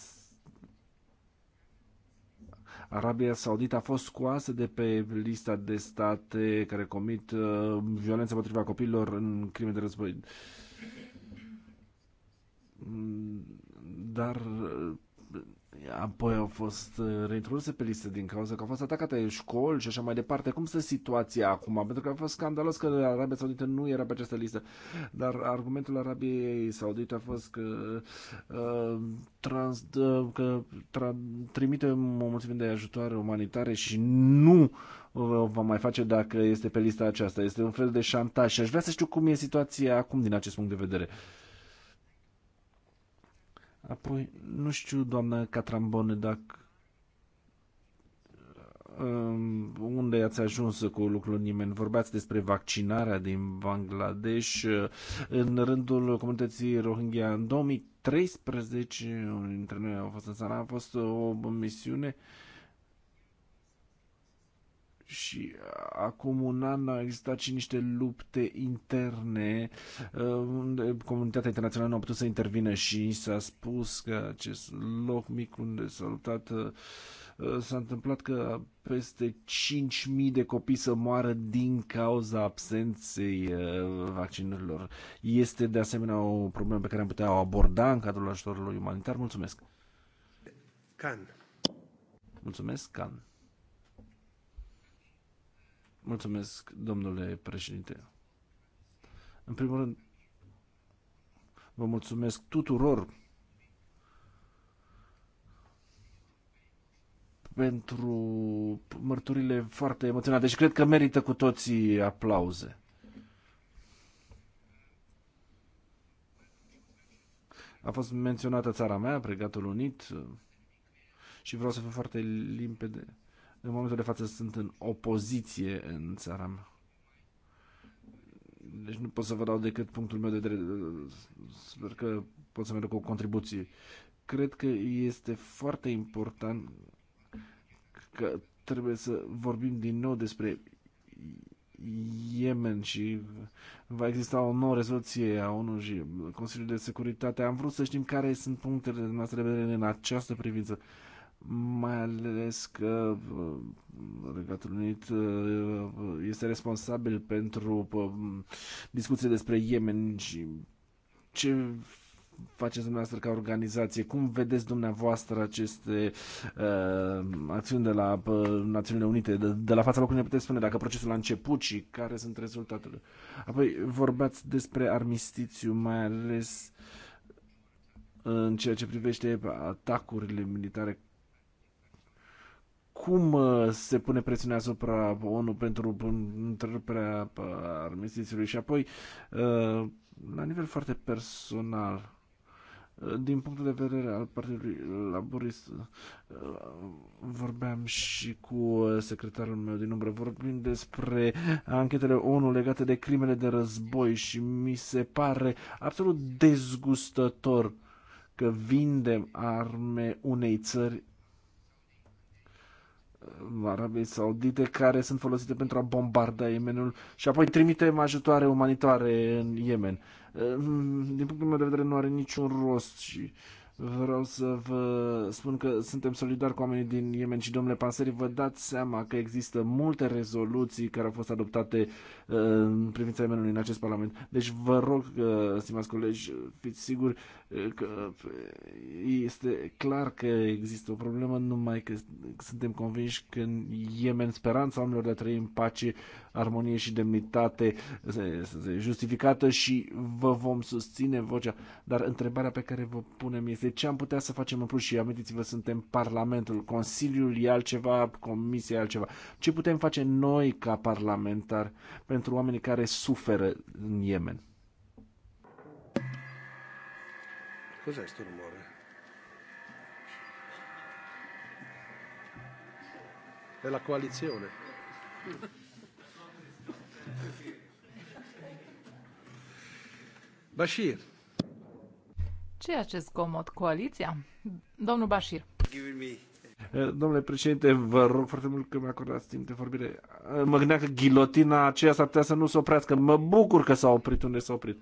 Arabia Saudită a fost scoasă de pe lista de state care comit uh, violență împotriva copiilor în crime de război. Mm, dar uh, apoi au fost uh, reintroduse pe listă din cauza că au fost atacate școli și așa mai departe. Cum este situația acum? Pentru că a fost scandalos că Arabia Saudită nu era pe această listă, dar argumentul Arabiei Saudite a fost că, uh, trans, uh, că tra- trimite o mulțime de ajutoare umanitare și nu o va mai face dacă este pe lista aceasta. Este un fel de șantaj și aș vrea să știu cum e situația acum din acest punct de vedere. Uh, Apoi, nu știu, doamna Catrambone, dacă um, unde ați ajuns cu lucrul nimeni. Vorbeați despre vaccinarea din Bangladesh uh, în rândul comunității Rohingya în 2013, unul dintre noi a fost în sana, a fost o misiune uh, și uh, acum un an a existat și niște lupte interne uh, unde comunitatea internațională nu a putut să intervină și s-a spus că acest loc mic unde s-a luptat uh, s-a întâmplat că peste 5.000 de copii să moară din cauza absenței vaccinurilor. Este de asemenea o problemă pe care am putea o aborda în cadrul ajutorului umanitar. Mulțumesc! Can. Mulțumesc, Can. Mulțumesc, domnule președinte. În primul rând, vă mulțumesc tuturor pentru mărturile foarte emoționate. Deci cred că merită cu toții aplauze. A fost menționată țara mea, Pregatul Unit, și vreau să fiu foarte limpede. În momentul de față sunt în opoziție în țara mea. Deci nu pot să vă dau decât punctul meu de drept. Sper că pot să merg cu o contribuție. Cred că este foarte important că trebuie să vorbim din nou despre Yemen și va exista o nouă rezoluție a ONU și Consiliul de Securitate. Am vrut să știm care sunt punctele noastre de vedere în această privință. Uh, mai ales că uh, Regatul Unit uh, este responsabil pentru uh, discuții despre Yemen și ce faceți dumneavoastră ca organizație? Cum vedeți dumneavoastră aceste uh, acțiuni de la uh, Națiunile Unite? De, de la fața locului ne puteți spune dacă procesul a început și care sunt rezultatele? Apoi vorbeați despre armistițiu, mai ales în ceea ce privește atacurile militare cum uh, se pune presiunea asupra ONU pentru întreruperea uh, armistițiului și apoi, uh, la nivel foarte personal, din punctul de vedere al Partidului Laborist, vorbeam și cu secretarul meu din umbră, vorbim despre anchetele ONU legate de crimele de război și mi se pare absolut dezgustător că vindem arme unei țări Uh, Arabiei Saudite care sunt folosite pentru a bombarda Yemenul și apoi trimitem ajutoare umanitare în Yemen. Uh, mm, din punctul meu de vedere nu are niciun rost și uh, Vreau să vă spun că suntem solidari cu oamenii din Yemen și, domnule Panseri, vă dați seama că există multe rezoluții care au fost adoptate uh, în privința Yemenului în acest Parlament. Deci vă rog, uh, stimați colegi, fiți siguri uh, că este clar că există o problemă, numai că suntem convinși că în Yemen speranța oamenilor de a trăi în pace armonie și demnitate justificată și vă vom susține vocea. Dar întrebarea pe care vă punem este ce am putea să facem în plus și amintiți-vă, suntem Parlamentul, Consiliul e altceva, Comisia e altceva. Ce putem face noi ca parlamentar pentru oamenii care suferă în Yemen? Cos'è sto rumore? È la coalizione. Bashir. Ce e acest comod? Coaliția? Domnul Bashir. Eh, domnule președinte, vă rog foarte mult că mi acordați timp de vorbire. Eh, mă gândeam că ghilotina aceea s-ar putea să nu se oprească. Mă bucur că s-a oprit unde s-a oprit.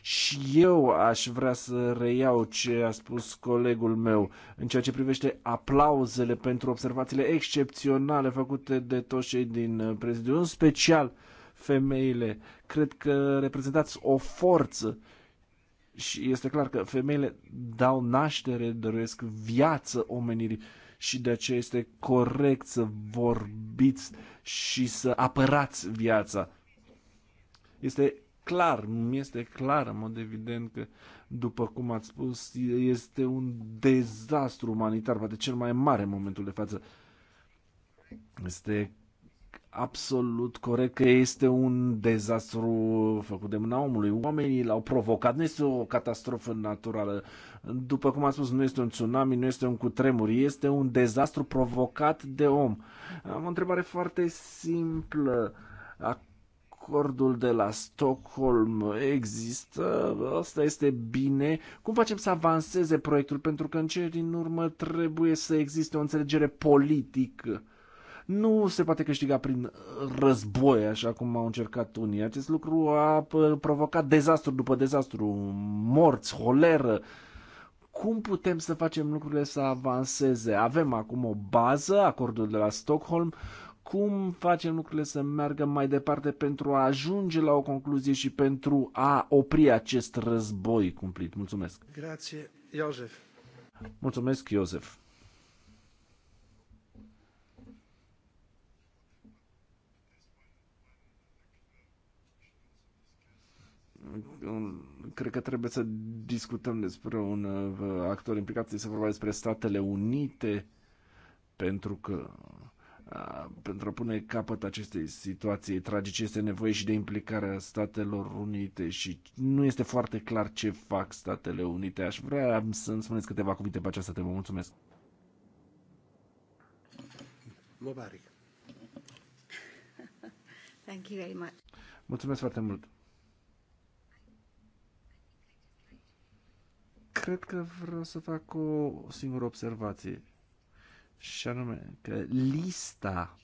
Și eu aș vrea să reiau ce a spus colegul meu în ceea ce privește aplauzele pentru observațiile excepționale făcute de toți cei din eh, prezidiu, în special uh, femeile. Cred că reprezentați o forță și este clar că femeile dau naștere, dăruiesc viață omenirii și de aceea este corect să vorbiți și să apărați viața. Este clar, mi este clar în mod evident că, după cum ați spus, este un dezastru umanitar, poate cel mai mare în momentul de față. Este absolut corect că este un dezastru făcut de mâna omului. Oamenii l-au provocat, nu este o catastrofă naturală. După cum am spus, nu este un tsunami, nu este un cutremur, este un dezastru provocat de om. Am o întrebare foarte simplă. Acordul de la Stockholm există, asta este bine. Cum facem să avanseze proiectul? Pentru că în cele din urmă trebuie să existe o înțelegere politică nu se poate câștiga prin război, așa cum au încercat unii. Acest lucru a provocat dezastru după dezastru, morți, holeră, cum putem să facem lucrurile să avanseze? Avem acum o bază, acordul de la Stockholm, cum facem lucrurile să meargă mai departe pentru a ajunge la o concluzie și pentru a opri acest război cumplit? Mulțumesc! Grație, Iosef! Mulțumesc, Iosef! cred că trebuie să discutăm despre un uh, actor implicat, este vorba despre Statele Unite, pentru că uh, pentru a pune capăt acestei situații tragice este nevoie și de implicarea Statelor Unite și nu este foarte clar ce fac Statele Unite. Aș vrea să-mi spuneți câteva cuvinte pe această temă. Mulțumesc! Thank you very much. Mulțumesc foarte mult! Cred că vreau să fac o singură observație. Și anume că lista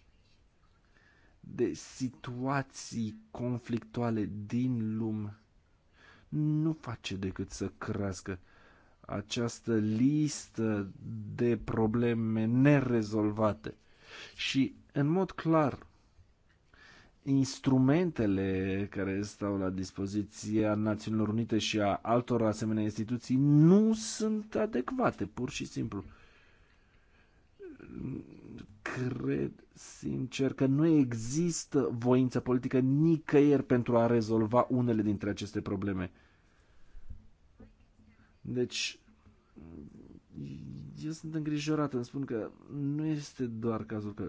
de situații conflictuale din lume nu face decât să crească această listă de probleme nerezolvate. Și, în mod clar, instrumentele care stau la dispoziția Națiunilor Unite și a altor asemenea instituții nu sunt adecvate, pur și simplu. Cred sincer că nu există voință politică nicăieri pentru a rezolva unele dintre aceste probleme. Deci, eu sunt îngrijorat, îmi spun că nu este doar cazul că,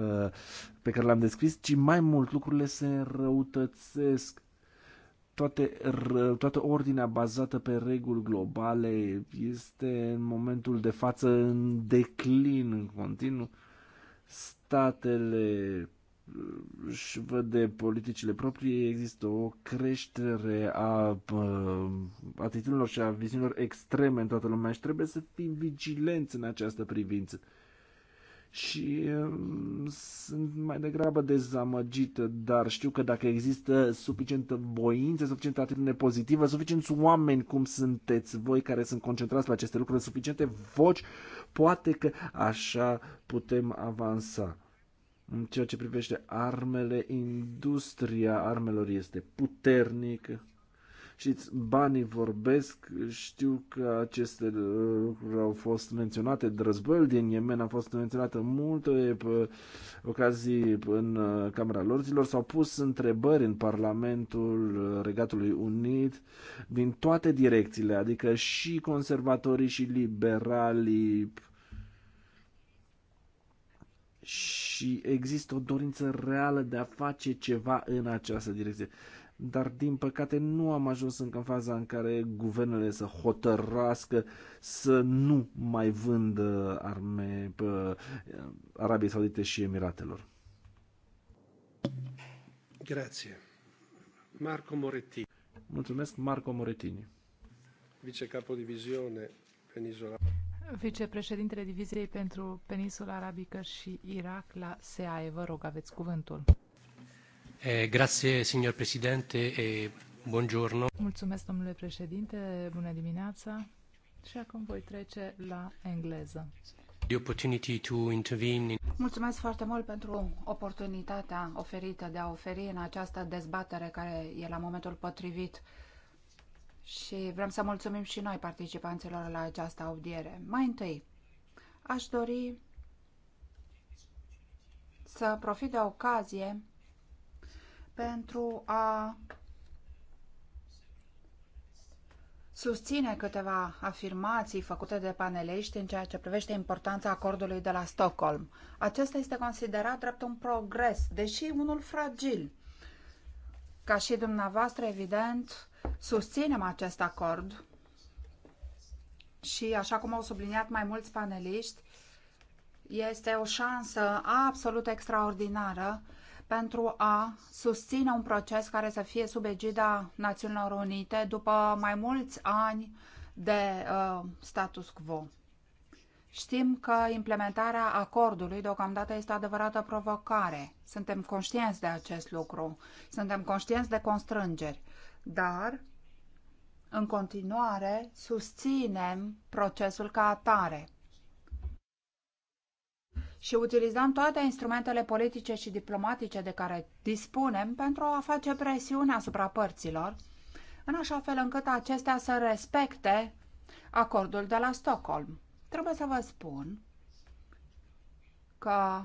uh, pe care l-am descris, ci mai mult lucrurile se înrăutățesc. Toate, toată ordinea bazată pe reguli globale este în momentul de față în declin în continuu. Statele își văd de politicile proprii, există o creștere a atitudinilor și a viziunilor extreme în toată lumea și trebuie să fim vigilenți în această privință. Și um, sunt mai degrabă dezamăgită, dar știu că dacă există suficientă voință, suficientă atitudine pozitivă, suficienți oameni cum sunteți voi care sunt concentrați pe aceste lucruri, suficiente voci, poate că așa putem avansa în ceea ce privește armele, industria armelor este puternică. Știți, banii vorbesc, știu că aceste lucruri au fost menționate, războiul din Yemen a fost menționată în multe ocazii în uh, Camera Lorzilor, s-au pus întrebări în Parlamentul Regatului Unit din toate direcțiile, adică și conservatorii și liberalii și există o dorință reală de a face ceva în această direcție. Dar, din păcate, nu am ajuns încă în faza în care guvernele să hotărască să nu mai vândă arme pe Arabiei Saudite și Emiratelor. Grație. Marco Moretti. Mulțumesc, Marco Moretini. Vice capodivizione penisola vicepreședintele Diviziei pentru Peninsula Arabică și Irak la SEAE. Vă rog, aveți cuvântul. Eh, grazie, signor președinte. buongiorno. Mulțumesc, domnule președinte. Bună dimineața. Și acum voi trece la engleză. The opportunity to intervene in... Mulțumesc foarte mult pentru oportunitatea oferită de a oferi în această dezbatere care e la momentul potrivit uh, și vrem să mulțumim și noi participanților la această audiere. Mai întâi, aș dori să profit de ocazie pentru a susține câteva afirmații făcute de paneliști în ceea ce privește importanța acordului de la Stockholm. Acesta este considerat drept un progres, deși unul fragil, ca și dumneavoastră, evident, susținem acest acord și, așa cum au subliniat mai mulți paneliști, este o șansă absolut extraordinară pentru a susține un proces care să fie sub egida Națiunilor Unite după mai mulți ani de uh, status quo. Știm că implementarea acordului deocamdată este o adevărată provocare. Suntem conștienți de acest lucru, suntem conștienți de constrângeri, dar în continuare susținem procesul ca atare și utilizăm toate instrumentele politice și diplomatice de care dispunem pentru a face presiune asupra părților, în așa fel încât acestea să respecte acordul de la Stockholm. Trebuie să vă spun că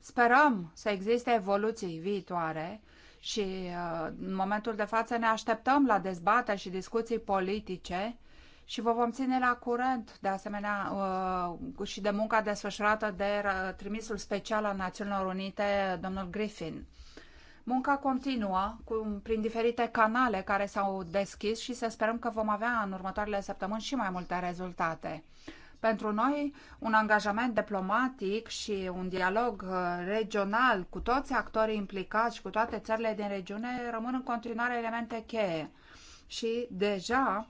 sperăm să existe evoluții viitoare și uh, în momentul de față ne așteptăm la dezbateri și discuții politice și vă vom ține la curent, de asemenea, uh, și de munca desfășurată de uh, trimisul special al Națiunilor Unite, domnul Griffin. Munca continuă cu, prin diferite canale care s-au deschis și să sperăm că vom avea în următoarele săptămâni și mai multe rezultate. Pentru noi, un angajament diplomatic și un dialog uh, regional cu toți actorii implicați și cu toate țările din regiune rămân în continuare elemente cheie. Și deja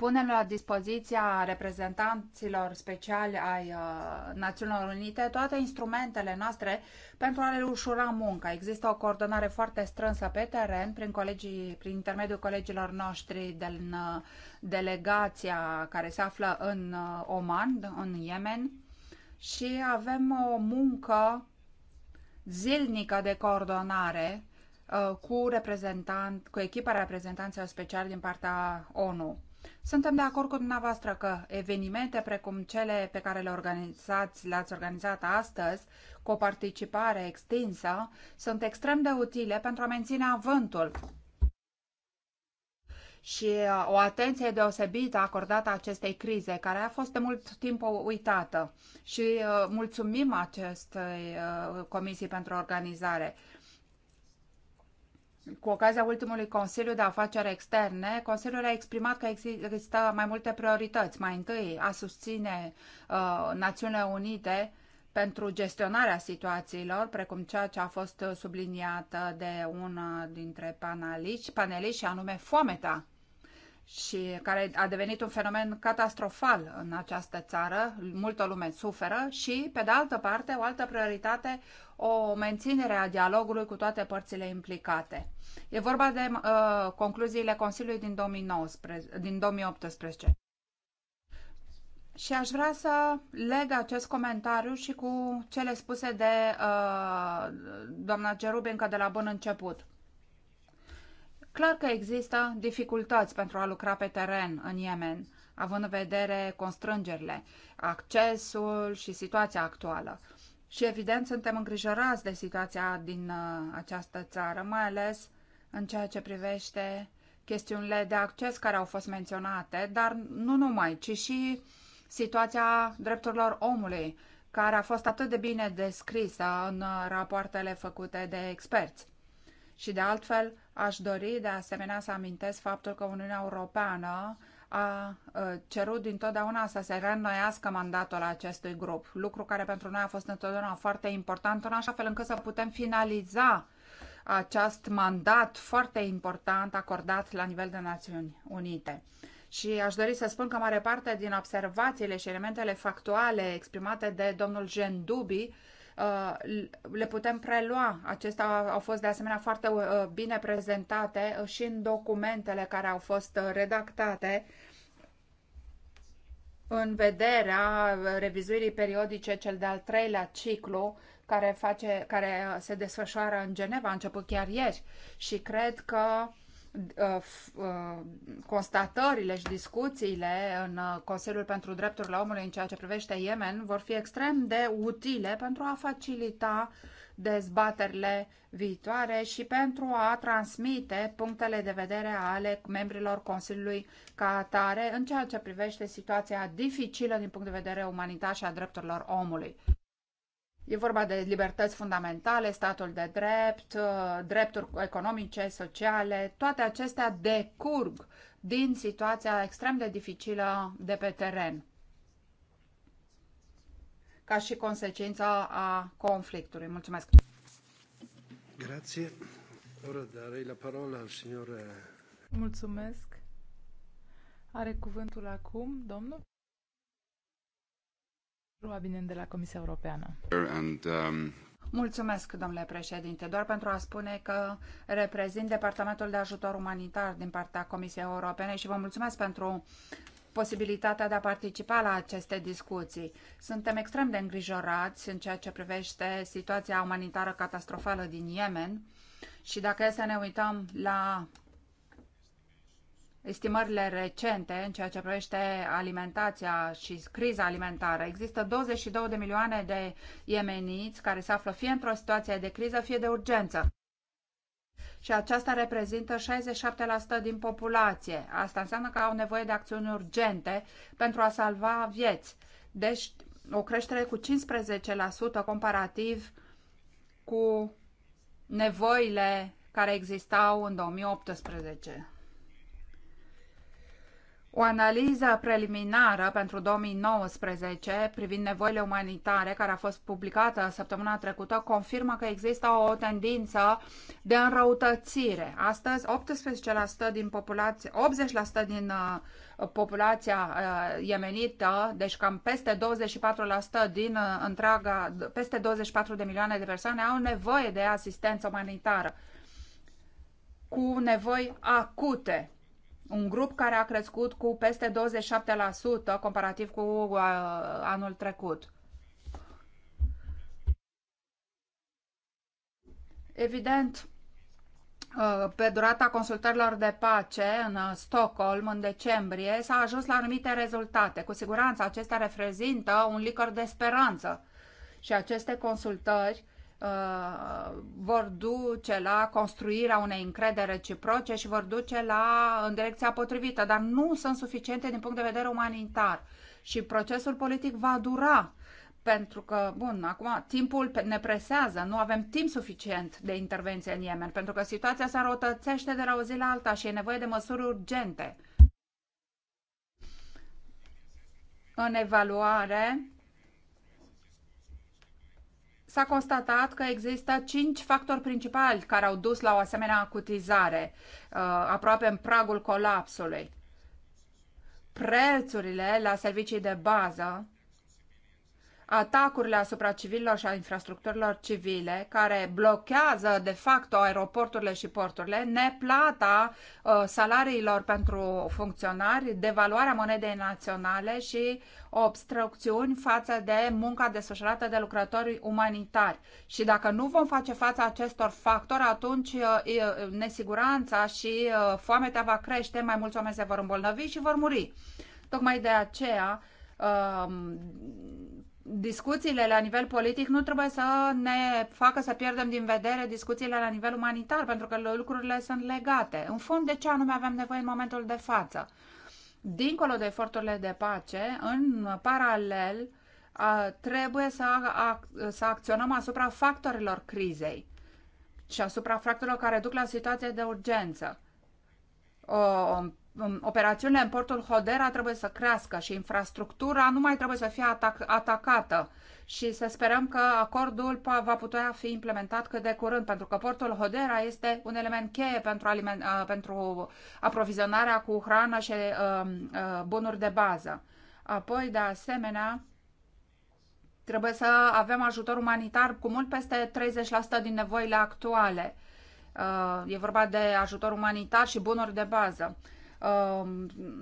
pune la dispoziția reprezentanților speciali ai uh, Națiunilor Unite toate instrumentele noastre pentru a le ușura munca. Există o coordonare foarte strânsă pe teren prin, colegii, prin intermediul colegilor noștri din uh, delegația care se află în uh, Oman, în Yemen, și avem o muncă zilnică de coordonare cu, reprezentant, cu echipa reprezentanților speciali din partea ONU. Suntem de acord cu dumneavoastră că evenimente precum cele pe care le organizați, le-ați organizat astăzi, cu o participare extinsă, sunt extrem de utile pentru a menține avântul și uh, o atenție deosebită acordată acestei crize, care a fost de mult timp uitată. Și uh, mulțumim acestei uh, comisii pentru organizare cu ocazia ultimului Consiliu de Afaceri Externe, Consiliul a exprimat că există mai multe priorități. Mai întâi, a susține uh, Națiunile Unite pentru gestionarea situațiilor, precum ceea ce a fost subliniată de una dintre paneliști, paneliști și anume foamea și care a devenit un fenomen catastrofal în această țară, multă lume suferă și, pe de altă parte, o altă prioritate, o menținere a dialogului cu toate părțile implicate. E vorba de uh, concluziile Consiliului din, 2019, din 2018. Și aș vrea să leg acest comentariu și cu cele spuse de uh, doamna Gerubincă de la bun început. Clar că există dificultăți pentru a lucra pe teren în Yemen, având în vedere constrângerile, accesul și situația actuală. Și evident suntem îngrijorați de situația din uh, această țară, mai ales în ceea ce privește chestiunile de acces care au fost menționate, dar nu numai, ci și situația drepturilor omului, care a fost atât de bine descrisă în uh, rapoartele făcute de experți. Și de altfel, aș dori de asemenea să amintesc faptul că Uniunea Europeană a ă, cerut dintotdeauna să se reînnoiască mandatul acestui grup, lucru care pentru noi a fost întotdeauna foarte important, în așa fel încât să putem finaliza acest mandat foarte important acordat la nivel de Națiuni Unite. Și aș dori să spun că mare parte din observațiile și elementele factuale exprimate de domnul Jean Dubi Uh, le putem prelua. Acestea au fost de asemenea foarte uh, bine prezentate uh, și în documentele care au fost redactate în vederea revizuirii periodice cel de-al treilea ciclu care, face, care se desfășoară în Geneva, a început chiar ieri și cred că Uh, uh, constatările și discuțiile în uh, Consiliul pentru Drepturile Omului în ceea ce privește Yemen vor fi extrem de utile pentru a facilita dezbaterile viitoare și pentru a transmite punctele de vedere ale membrilor Consiliului ca atare în ceea ce privește situația dificilă din punct de vedere umanitar și a drepturilor omului. E vorba de libertăți fundamentale, statul de drept, uh, drepturi economice, sociale, toate acestea decurg din situația extrem de dificilă de pe teren, ca și consecința a conflictului. Mulțumesc! Grazie. Ora darei la parola al signor... Mulțumesc. Are cuvântul acum domnul Probabil de la Comisia Europeană. And, um... Mulțumesc, domnule președinte. Doar pentru a spune că reprezint Departamentul de Ajutor Umanitar din partea Comisiei Europene și vă mulțumesc pentru posibilitatea de a participa la aceste discuții. Suntem extrem de îngrijorați în ceea ce privește situația umanitară catastrofală din Yemen și dacă e să ne uităm la estimările recente în ceea ce privește alimentația și criza alimentară. Există 22 de milioane de iemeniți care se află fie într-o situație de criză, fie de urgență. Și aceasta reprezintă 67% din populație. Asta înseamnă că au nevoie de acțiuni urgente pentru a salva vieți. Deci o creștere cu 15% comparativ cu nevoile care existau în 2018 o analiză preliminară pentru 2019 privind nevoile umanitare, care a fost publicată săptămâna trecută, confirmă că există o tendință de înrăutățire. Astăzi, 18% din populație, 80% din uh, populația uh, iemenită, deci cam peste 24% din uh, întreaga, peste 24 de milioane de persoane au nevoie de asistență umanitară cu nevoi acute un grup care a crescut cu peste 27% comparativ cu uh, anul trecut. Evident, uh, pe durata consultărilor de pace în uh, Stockholm în decembrie s-a ajuns la anumite rezultate. Cu siguranță acestea reprezintă un licor de speranță și aceste consultări Uh, vor duce la construirea unei încredere reciproce și vor duce la, în direcția potrivită, dar nu sunt suficiente din punct de vedere umanitar. Și procesul politic va dura, pentru că, bun, acum timpul ne presează, nu avem timp suficient de intervenție în Yemen, pentru că situația se rotățește de la o zi la alta și e nevoie de măsuri urgente. În evaluare, s-a constatat că există cinci factori principali care au dus la o asemenea acutizare, uh, aproape în pragul colapsului. Prețurile la servicii de bază atacurile asupra civililor și a infrastructurilor civile, care blochează de facto aeroporturile și porturile, neplata uh, salariilor pentru funcționari, devaluarea monedei naționale și obstrucțiuni față de munca desfășurată de lucrătorii umanitari. Și dacă nu vom face față acestor factori, atunci uh, uh, nesiguranța și foametea foamea va crește, mai mulți oameni se vor îmbolnăvi și vor muri. Tocmai de aceea, um, discuțiile la nivel politic nu trebuie să ne facă să pierdem din vedere discuțiile la nivel umanitar, pentru că lucrurile sunt legate. În fond, de ce anume avem nevoie în momentul de față? Dincolo de eforturile de pace, în paralel, trebuie să, să acționăm asupra factorilor crizei și asupra factorilor care duc la situație de urgență. O operațiunile în portul Hodera trebuie să crească și infrastructura nu mai trebuie să fie atac- atacată și să sperăm că acordul va putea fi implementat cât de curând, pentru că portul Hodera este un element cheie pentru, aliment, uh, pentru aprovizionarea cu hrană și uh, uh, bunuri de bază. Apoi, de asemenea, trebuie să avem ajutor umanitar cu mult peste 30% din nevoile actuale. E vorba de ajutor umanitar și bunuri de bază uh,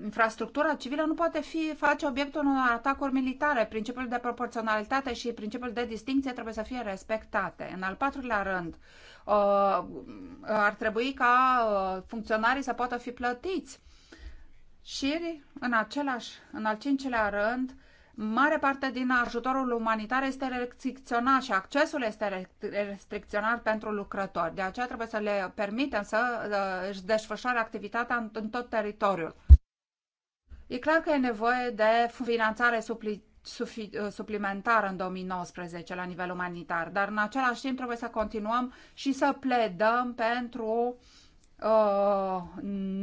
infrastructura civilă nu poate fi face obiectul unor atacuri militare. Principiul de proporționalitate și principiul de distinție trebuie să fie respectate. În al patrulea rând, uh, ar trebui ca uh, funcționarii să poată fi plătiți. Și în același, în al cincilea rând, uh, mare parte din ajutorul umanitar este restricționat și accesul este restricționat pentru lucrători. De aceea trebuie să le permitem să uh, își desfășoare activitatea în tot teritoriul. E clar că e nevoie de finanțare supli, sufi, uh, suplimentară în 2019 la nivel umanitar, dar în același timp trebuie să continuăm și să pledăm pentru uh, Uh,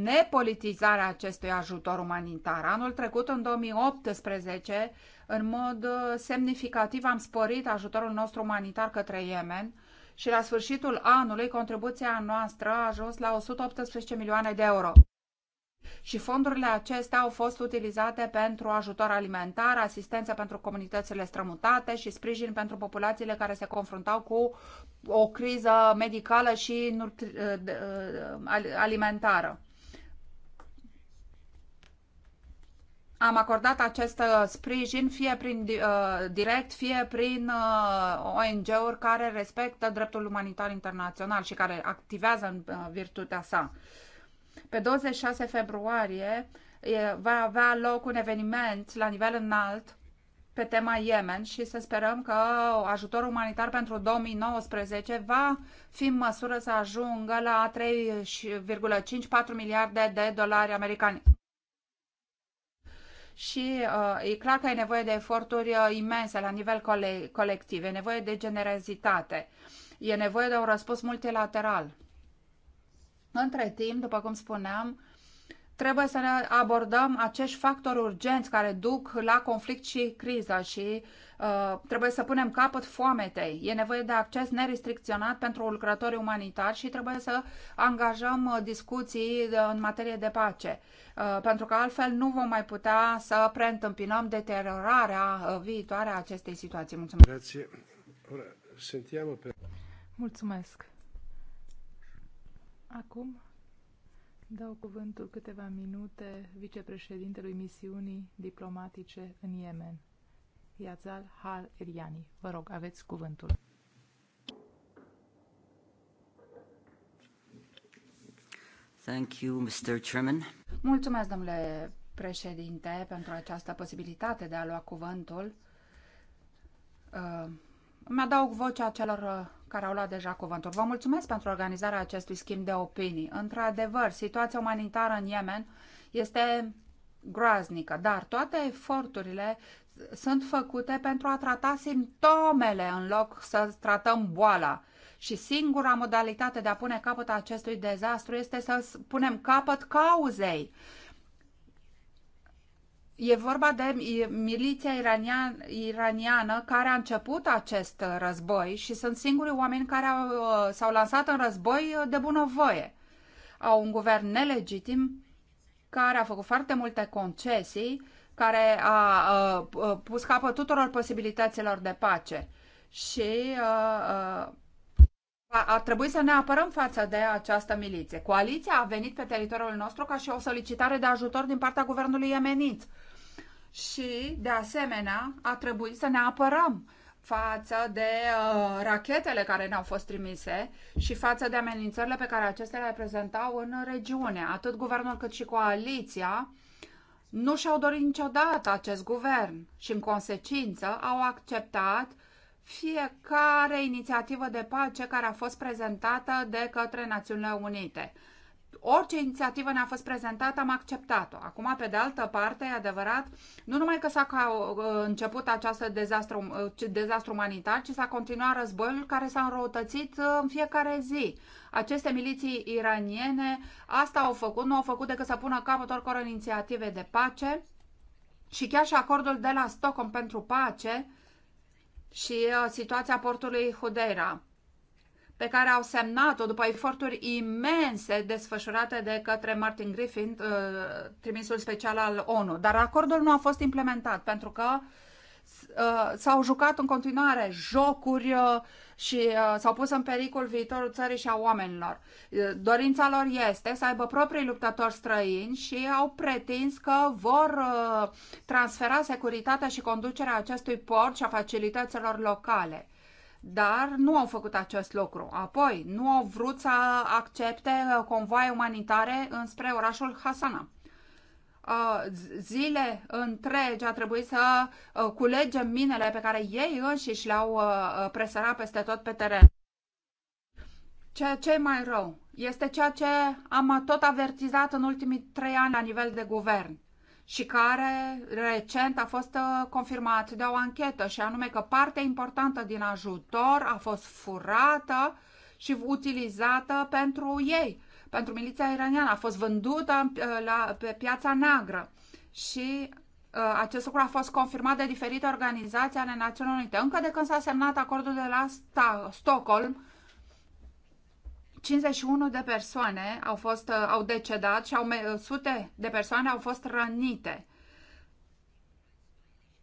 nepolitizarea acestui ajutor umanitar. Anul trecut, în 2018, în mod uh, semnificativ am sporit ajutorul nostru umanitar către Yemen și la sfârșitul anului contribuția noastră a ajuns la 118 milioane de euro și fondurile acestea au fost utilizate pentru ajutor alimentar, asistență pentru comunitățile strămutate și sprijin pentru populațiile care se confruntau cu o criză medicală și alimentară. Am acordat acest uh, sprijin fie prin uh, direct, fie prin uh, ONG-uri care respectă dreptul umanitar internațional și care activează în uh, virtutea sa. Uh, pe 26 februarie va avea loc un eveniment la nivel înalt pe tema Yemen și să sperăm că ajutorul umanitar pentru 2019 va fi în măsură să ajungă la 3,54 miliarde de dolari americani. Și uh, e clar că e nevoie de eforturi uh, imense la nivel cole- colectiv, e nevoie de generozitate, e nevoie de un răspuns multilateral între timp, după cum spuneam, trebuie să ne abordăm acești factori urgenți care duc la conflict și criză și uh, trebuie să punem capăt foametei. E nevoie de acces nerestricționat pentru lucrători umanitari și trebuie să angajăm uh, discuții de, uh, în materie de pace, uh, pentru că altfel nu vom mai putea să preîntâmpinăm deteriorarea uh, viitoare a acestei situații. Mulțumesc! Mulțumesc! Acum dau cuvântul câteva minute vicepreședintelui misiunii diplomatice în Yemen, Yazal Hal Eriani. Vă rog, aveți cuvântul. Thank you, Mr. Chairman. Mulțumesc, domnule președinte, pentru această posibilitate de a lua cuvântul. Uh, mă adaug vocea celor uh, care au luat deja cuvântul. Vă mulțumesc pentru organizarea acestui schimb de opinii. Într-adevăr, situația umanitară în Yemen este groaznică, dar toate eforturile sunt făcute pentru a trata simptomele în loc să tratăm boala. Și singura modalitate de a pune capăt acestui dezastru este să punem capăt cauzei. E vorba de miliția iranian, iraniană care a început acest uh, război și sunt singurii oameni care uh, s-au lansat în război uh, de bunăvoie. Au un guvern nelegitim care a făcut foarte multe concesii, care a, a, a pus capăt tuturor posibilităților de pace. Și a, a, ar să ne apărăm față de această miliție. Coaliția a venit pe teritoriul nostru ca și o solicitare de ajutor din partea guvernului iemenit și, de asemenea, a trebuit să ne apărăm față de uh, rachetele care ne-au fost trimise și față de amenințările pe care acestea le prezentau în regiune. Atât guvernul cât și coaliția nu și-au dorit niciodată acest guvern și, în consecință, au acceptat fiecare inițiativă de pace care a fost prezentată de către Națiunile Unite. Orice inițiativă ne-a fost prezentată, am acceptat-o. Acum, pe de altă parte, e adevărat, nu numai că s-a uh, început această dezastru, uh, dezastru umanitar, ci s-a continuat războiul care s-a înrăutățit uh, în fiecare zi. Aceste miliții iraniene asta au făcut, nu au făcut decât să pună capăt oricor inițiative de pace și chiar și acordul de la Stockholm pentru pace și situația portului Hudeira pe care au semnat-o după eforturi imense desfășurate de către Martin Griffin, uh, trimisul special al ONU. Dar acordul nu a fost implementat pentru că uh, s-au jucat în continuare jocuri uh, și s-au pus în pericol viitorul țării și a oamenilor. Dorința lor este să aibă proprii luptători străini și au pretins că vor transfera securitatea și conducerea acestui port și a facilităților locale dar nu au făcut acest lucru. Apoi, nu au vrut să accepte uh, convoaie umanitare înspre orașul Hasana. Uh, zile întregi a trebuit să uh, culegem minele pe care ei înșiși le-au presărat peste tot pe teren. Ceea ce e mai rău este ceea ce am tot avertizat în ultimii trei ani la nivel de guvern și care recent a fost uh, confirmat de o anchetă și anume că parte importantă din ajutor a fost furată și utilizată pentru ei, pentru miliția iraniană, a fost vândută uh, la, pe piața neagră și uh, acest lucru a fost confirmat de diferite organizații ale Națiunilor Unite. Încă de când s-a semnat acordul de la Stockholm, 51 de persoane au, fost, uh, au decedat și au, uh, sute de persoane au fost rănite.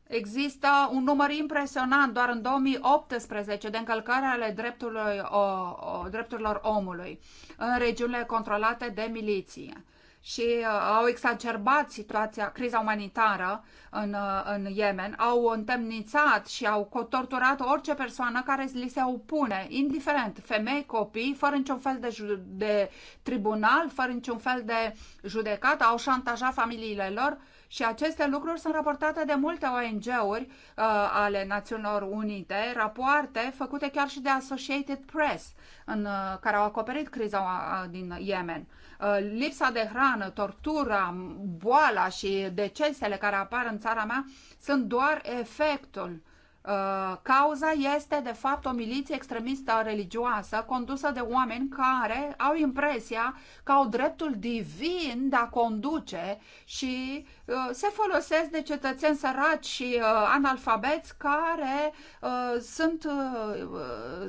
Există un număr impresionant doar în 2018 de încălcări ale drepturilor, o, o, drepturilor omului în regiunile controlate de miliție și uh, au exacerbat situația, criza umanitară în, uh, în Yemen, au întemnițat și au torturat orice persoană care li se opune, indiferent, femei, copii, fără niciun fel de, de tribunal, fără niciun fel de judecat, au șantajat familiile lor și aceste lucruri sunt raportate de multe ONG-uri uh, ale Națiunilor Unite, rapoarte făcute chiar și de Associated Press, în, uh, care au acoperit criza uh, din Yemen. Uh, lipsa de hrană, tortura, boala și decesele care apar în țara mea sunt doar efectul. Uh, cauza este, de fapt, o miliție extremistă religioasă condusă de oameni care au impresia că au dreptul divin de a conduce și Uh, se folosesc de cetățeni săraci și uh, analfabeți care uh, sunt,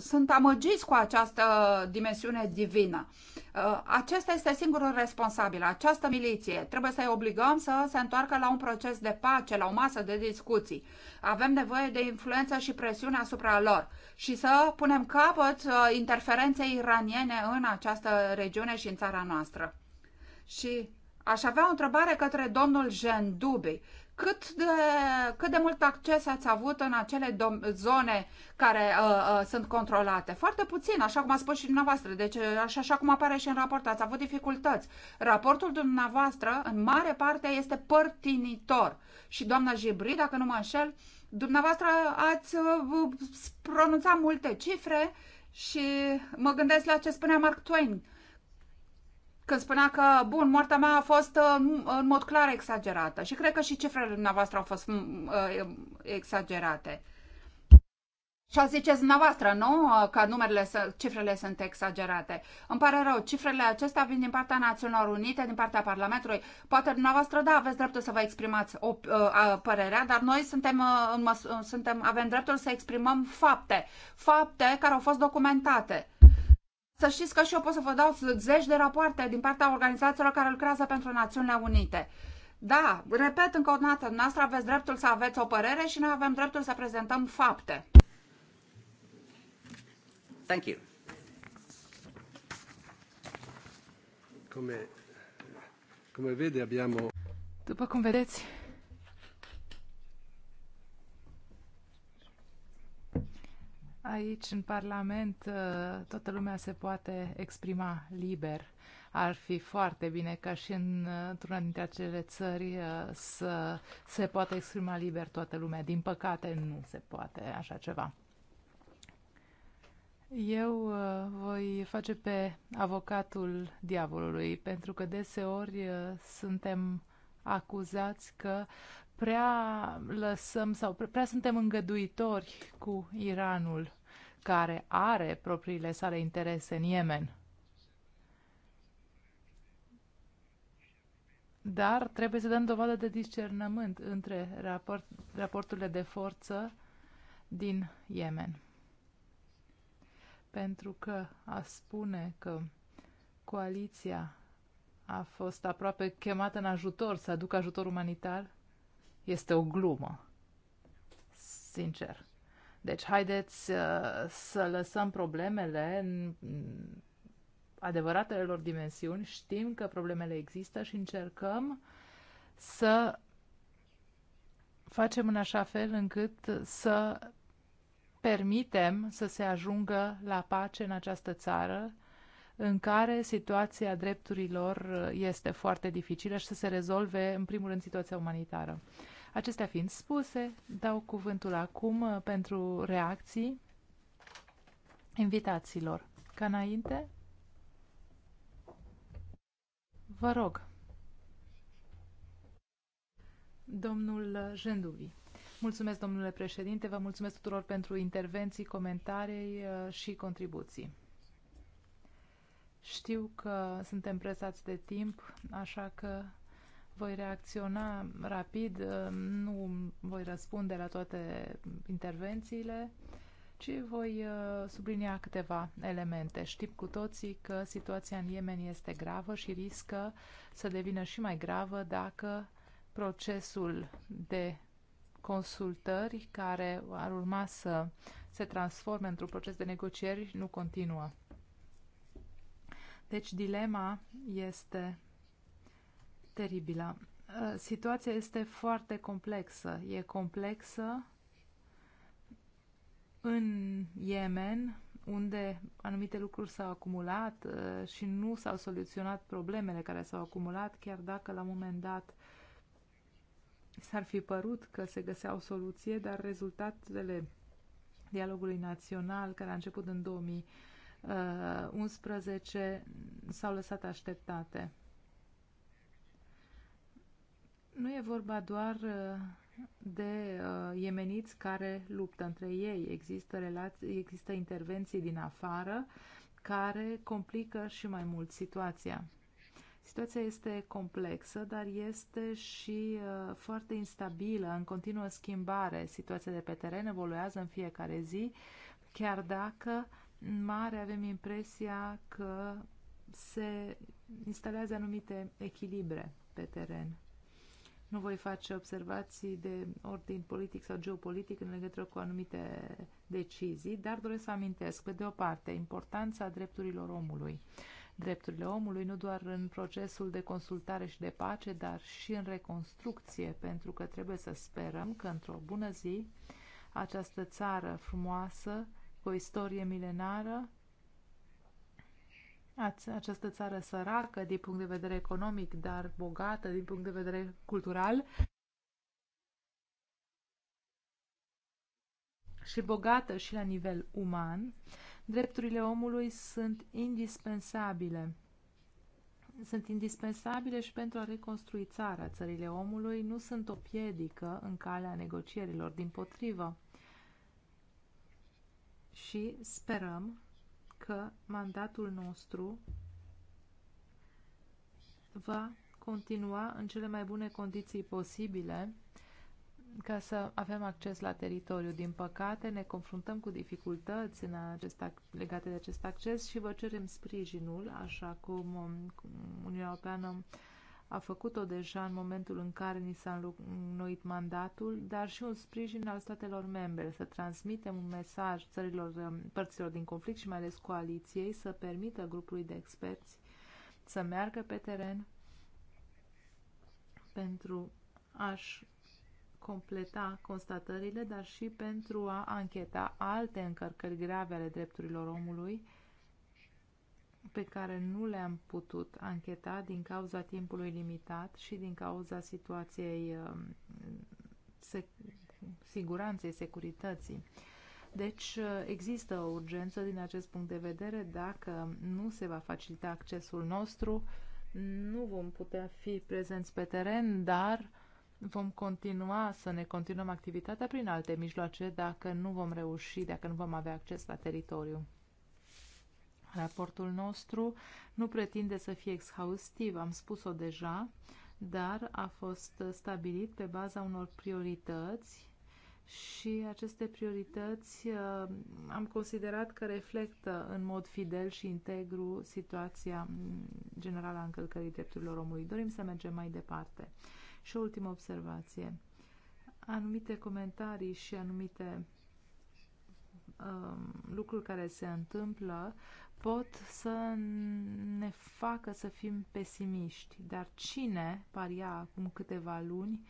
sunt amăgiți cu această dimensiune divină. Acesta este singurul responsabil, această miliție. Trebuie să-i obligăm să se întoarcă la un proces de pace, la o masă de discuții. Avem nevoie de influență și presiune asupra lor și să punem capăt interferenței iraniene în această regiune și în țara noastră. Și Aș avea o întrebare către domnul Jean Dubi. Cât de, cât de mult acces ați avut în acele zone care uh, uh, sunt controlate? Foarte puțin, așa cum a spus și dumneavoastră. Deci, uh, așa, așa cum apare și în raport, ați avut dificultăți. Raportul dumneavoastră, în mare parte, este părtinitor. Și doamna Jibri, dacă nu mă înșel, dumneavoastră ați uh, pronunțat multe cifre și mă gândesc la ce spunea Mark Twain când spunea că, bun, moartea mea a fost uh, în mod clar exagerată și cred că și cifrele dumneavoastră au fost uh, exagerate. Și a ziceți dumneavoastră, nu? Uh, că numerele, cifrele sunt exagerate. Îmi pare rău, cifrele acestea vin din partea Națiunilor Unite, din partea Parlamentului. Poate dumneavoastră, da, aveți dreptul să vă exprimați o, a, părerea, dar noi suntem, suntem, avem dreptul să exprimăm fapte. Fapte care au fost documentate. Să știți că și eu pot să vă dau zeci de rapoarte din partea organizațiilor care lucrează pentru Națiunile Unite. Da, repet încă o dată, noastră aveți dreptul să aveți o părere și noi avem dreptul să prezentăm fapte. Thank you. Come, come vede, abbiamo... După cum vedeți, Aici, în Parlament, uh, toată lumea se poate exprima liber. Ar fi foarte bine ca și în, uh, într-una dintre acele țări uh, să se poată exprima liber toată lumea. Din păcate, nu se poate așa ceva. Eu voi face pe avocatul diavolului, pentru că deseori suntem acuzați că prea lăsăm sau prea suntem îngăduitori cu Iranul, care are propriile sale interese în Yemen. Dar trebuie să dăm dovadă de discernământ între raport, raporturile de forță din Yemen. Pentru că a spune că coaliția a fost aproape chemată în ajutor, să aducă ajutor umanitar, este o glumă. Sincer. Deci, haideți uh, să lăsăm problemele în adevăratele lor dimensiuni. Știm că problemele există și încercăm să facem în așa fel încât să permitem să se ajungă la pace în această țară în care situația drepturilor este foarte dificilă și să se rezolve, în primul rând, situația umanitară. Acestea fiind spuse, dau cuvântul acum uh, pentru reacții invitațiilor. Ca înainte, vă rog, domnul Jenduvi. Mulțumesc, domnule președinte, vă mulțumesc tuturor pentru intervenții, comentarii uh, și contribuții. Știu că suntem presați de timp, așa că voi reacționa rapid, uh, nu voi răspunde la toate intervențiile, ci voi uh, sublinia câteva elemente. Știm cu toții că situația în Yemen este gravă și riscă să devină și mai gravă dacă procesul de consultări care ar urma să se transforme într-un proces de negocieri nu continuă. Deci dilema este teribilă. Uh, situația este foarte complexă. E complexă în Yemen, unde anumite lucruri s-au acumulat uh, și nu s-au soluționat problemele care s-au acumulat, chiar dacă la un moment dat s-ar fi părut că se găsea o soluție, dar rezultatele dialogului național, care a început în 2011, uh, s-au lăsat așteptate. Nu e vorba doar uh, de uh, iemeniți care luptă între ei. Există, relații, există intervenții din afară care complică și mai mult situația. Situația este complexă, dar este și uh, foarte instabilă, în continuă schimbare. Situația de pe teren evoluează în fiecare zi, chiar dacă în mare avem impresia că se instalează anumite echilibre pe teren. Nu voi face observații de ordin politic sau geopolitic în legătură cu anumite decizii, dar doresc să amintesc, pe de o parte, importanța drepturilor omului. Drepturile omului nu doar în procesul de consultare și de pace, dar și în reconstrucție, pentru că trebuie să sperăm că într-o bună zi această țară frumoasă, cu o istorie milenară, această țară săracă din punct de vedere economic, dar bogată din punct de vedere cultural și bogată și la nivel uman, drepturile omului sunt indispensabile. Sunt indispensabile și pentru a reconstrui țara. Țările omului nu sunt o piedică în calea negocierilor, din potrivă. Și sperăm că mandatul nostru va continua în cele mai bune condiții posibile ca să avem acces la teritoriu. Din păcate, ne confruntăm cu dificultăți în acest legate de acest acces și vă cerem sprijinul, așa cum um, Uniunea Europeană a făcut-o deja în momentul în care ni s-a înnoit mandatul, dar și un sprijin al statelor membre, să transmitem un mesaj țărilor, um, părților din conflict și mai ales coaliției, să permită grupului de experți să meargă pe teren pentru a-și completa constatările, dar și pentru a ancheta alte încărcări grave ale drepturilor omului, pe care nu le-am putut ancheta din cauza timpului limitat și din cauza situației um, sec siguranței, securității. Deci uh, există o urgență din acest punct de vedere. Dacă nu se va facilita accesul nostru, nu vom putea fi prezenți pe teren, dar vom continua să ne continuăm activitatea prin alte mijloace dacă nu vom reuși, dacă nu vom avea acces la teritoriu. Raportul nostru nu pretinde să fie exhaustiv, am spus-o deja, dar a fost stabilit pe baza unor priorități și aceste priorități uh, am considerat că reflectă în mod fidel și integru situația mm, generală a încălcării drepturilor omului. Dorim să mergem mai departe. Și o ultimă observație. Anumite comentarii și anumite uh, lucruri care se întâmplă pot să ne facă să fim pesimiști. Dar cine paria acum câteva luni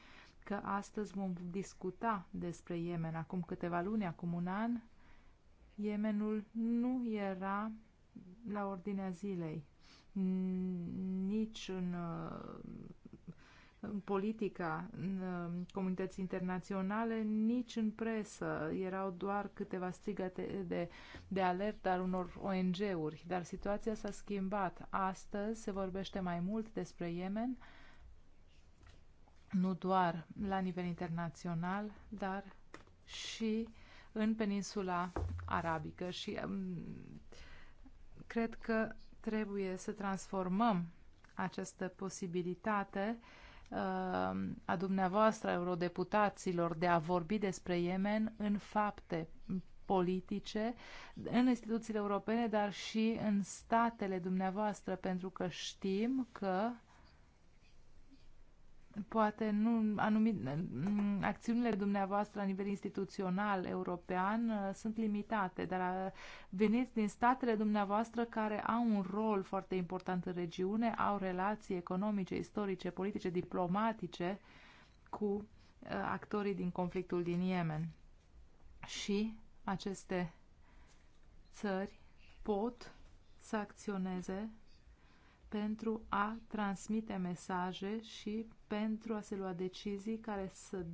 că astăzi vom discuta despre Yemen? Acum câteva luni, acum un an, Yemenul nu era la ordinea zilei, nici în uh, în politica în um, comunității internaționale, nici în presă. Erau doar câteva strigăte de, de alertă al unor ONG-uri, dar situația s-a schimbat. Astăzi se vorbește mai mult despre Yemen, nu doar la nivel internațional, dar și în peninsula arabică și um, cred că trebuie să transformăm această posibilitate uh, Uh, a dumneavoastră, a eurodeputaților, de a vorbi despre Yemen în fapte politice în instituțiile europene, dar și în statele dumneavoastră, pentru că știm că poate nu, anumit, mm, acțiunile dumneavoastră la nivel instituțional european uh, sunt limitate, dar uh, veniți din statele dumneavoastră care au un rol foarte important în regiune, au relații economice, istorice, politice, diplomatice cu uh, actorii din conflictul din Yemen. Și aceste țări pot să acționeze pentru a transmite mesaje și pentru a se lua decizii care să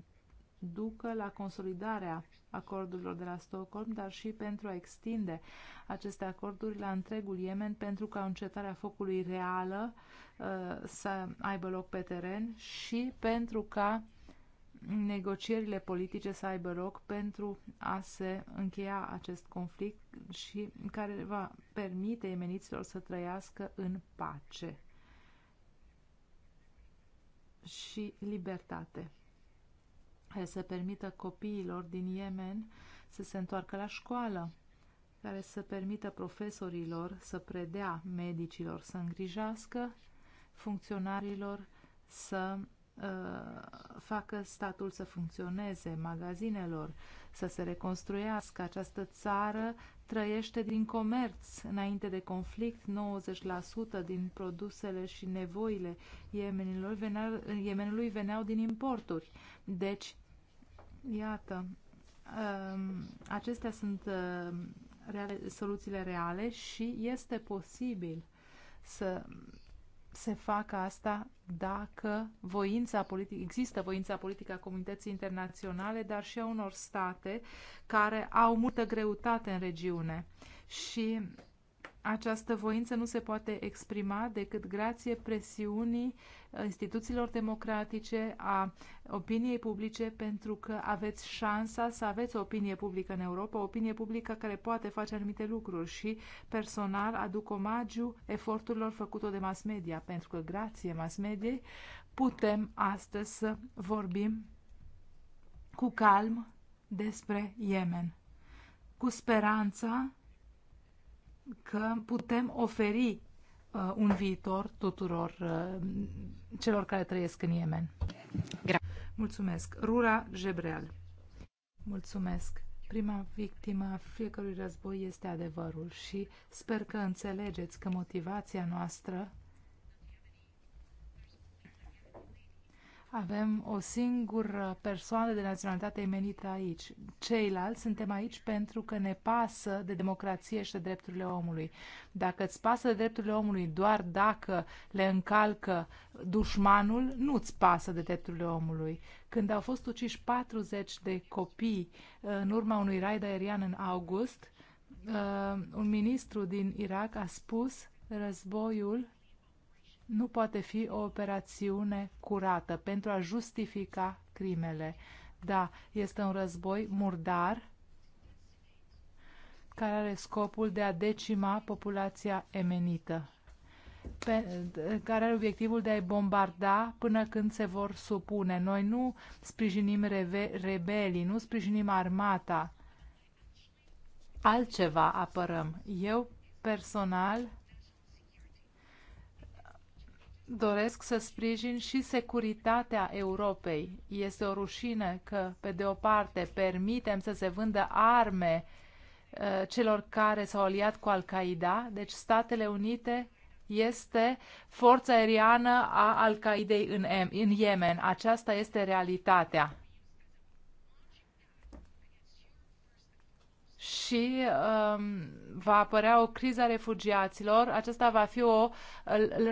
ducă la consolidarea acordurilor de la Stockholm, dar și pentru a extinde aceste acorduri la întregul Yemen pentru ca încetarea focului reală uh, să aibă loc pe teren și pentru ca negocierile politice să aibă loc pentru a se încheia acest conflict și care va permite emeniților să trăiască în pace și libertate, care să permită copiilor din Yemen să se întoarcă la școală, care să permită profesorilor să predea medicilor să îngrijească, funcționarilor să Uh, facă statul să funcționeze, magazinelor să se reconstruiască. Această țară trăiește din comerț. Înainte de conflict, 90% din produsele și nevoile iemenilor veneau, iemenului veneau din importuri. Deci, iată, um, acestea sunt uh, reale, soluțiile reale și este posibil să se facă asta dacă voința politică, există voința politică a comunității internaționale, dar și a unor state care au multă greutate în regiune și această voință nu se poate exprima decât grație presiunii uh, instituțiilor democratice, a opiniei publice, pentru că aveți șansa să aveți o opinie publică în Europa, o opinie publică care poate face anumite lucruri și personal aduc omagiu eforturilor făcute de mass media, pentru că grație mass mediei putem astăzi să vorbim cu calm despre Yemen, cu speranța că putem oferi uh, un viitor tuturor uh, celor care trăiesc în Yemen. Gra- Mulțumesc. Rura Jebreal. Mulțumesc. Prima victimă a fiecărui război este adevărul și sper că înțelegeți că motivația noastră avem o singură persoană de naționalitate emenită aici. Ceilalți suntem aici pentru că ne pasă de democrație și de drepturile omului. Dacă îți pasă de drepturile omului doar dacă le încalcă dușmanul, nu-ți pasă de drepturile omului. Când au fost uciși 40 de copii în urma unui raid aerian în august, uh, un ministru din Irak a spus războiul nu poate fi o operațiune curată pentru a justifica crimele. Da, este un război murdar care are scopul de a decima populația emenită, pe, care are obiectivul de a-i bombarda până când se vor supune. Noi nu sprijinim reve, rebelii, nu sprijinim armata. Altceva apărăm. Eu personal doresc să sprijin și securitatea Europei. Este o rușine că, pe de o parte, permitem să se vândă arme uh, celor care s-au aliat cu Al-Qaeda, deci Statele Unite este forța aeriană a Al-Qaidei în, în Yemen. Aceasta este realitatea. și um, va apărea o criză a refugiaților. Aceasta va fi o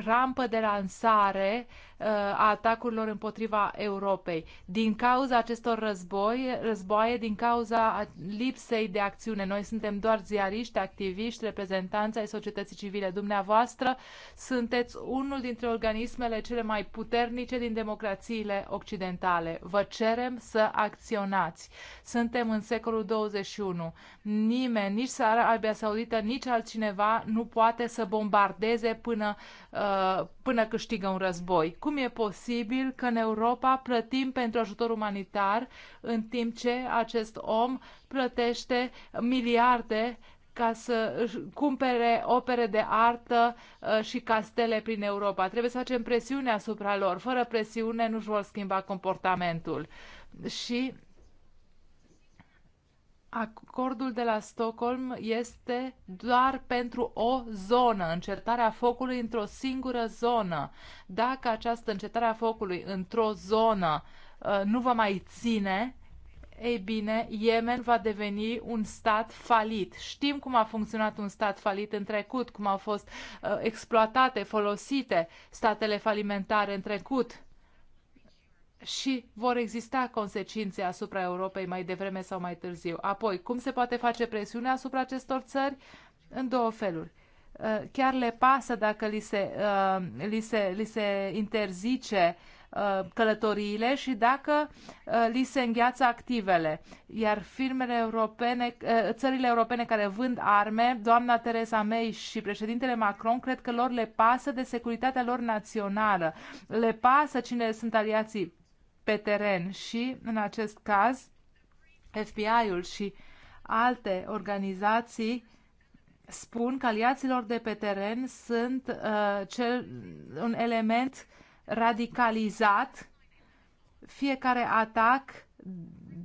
rampă de lansare uh, a atacurilor împotriva Europei. Din cauza acestor război, războaie, din cauza lipsei de acțiune, noi suntem doar ziariști, activiști, reprezentanți ai societății civile. Dumneavoastră sunteți unul dintre organismele cele mai puternice din democrațiile occidentale. Vă cerem să acționați. Suntem în secolul 21 nimeni, nici Arabia Saudită, nici altcineva nu poate să bombardeze până, uh, până câștigă un război. Cum e posibil că în Europa plătim pentru ajutor umanitar în timp ce acest om plătește miliarde ca să cumpere opere de artă uh, și castele prin Europa. Trebuie să facem presiune asupra lor. Fără presiune nu-și vor schimba comportamentul. Și Acordul de la Stockholm este doar pentru o zonă, încetarea focului într-o singură zonă. Dacă această încetare a focului într-o zonă uh, nu va mai ține, ei bine, Yemen va deveni un stat falit. Știm cum a funcționat un stat falit în trecut, cum au fost uh, exploatate, folosite statele falimentare în trecut și vor exista consecințe asupra Europei mai devreme sau mai târziu. Apoi, cum se poate face presiunea asupra acestor țări? În două feluri. Uh, chiar le pasă dacă li se, uh, li se, li se interzice uh, călătoriile și dacă li se îngheață activele. Iar firmele europene, țările europene care vând arme, doamna Teresa May și președintele Macron, cred că lor le pasă de securitatea lor națională. Le pasă cine sunt aliații pe teren și, în acest caz, FBI-ul și alte organizații spun că aliaților de pe teren sunt uh, cel, un element radicalizat. Fiecare atac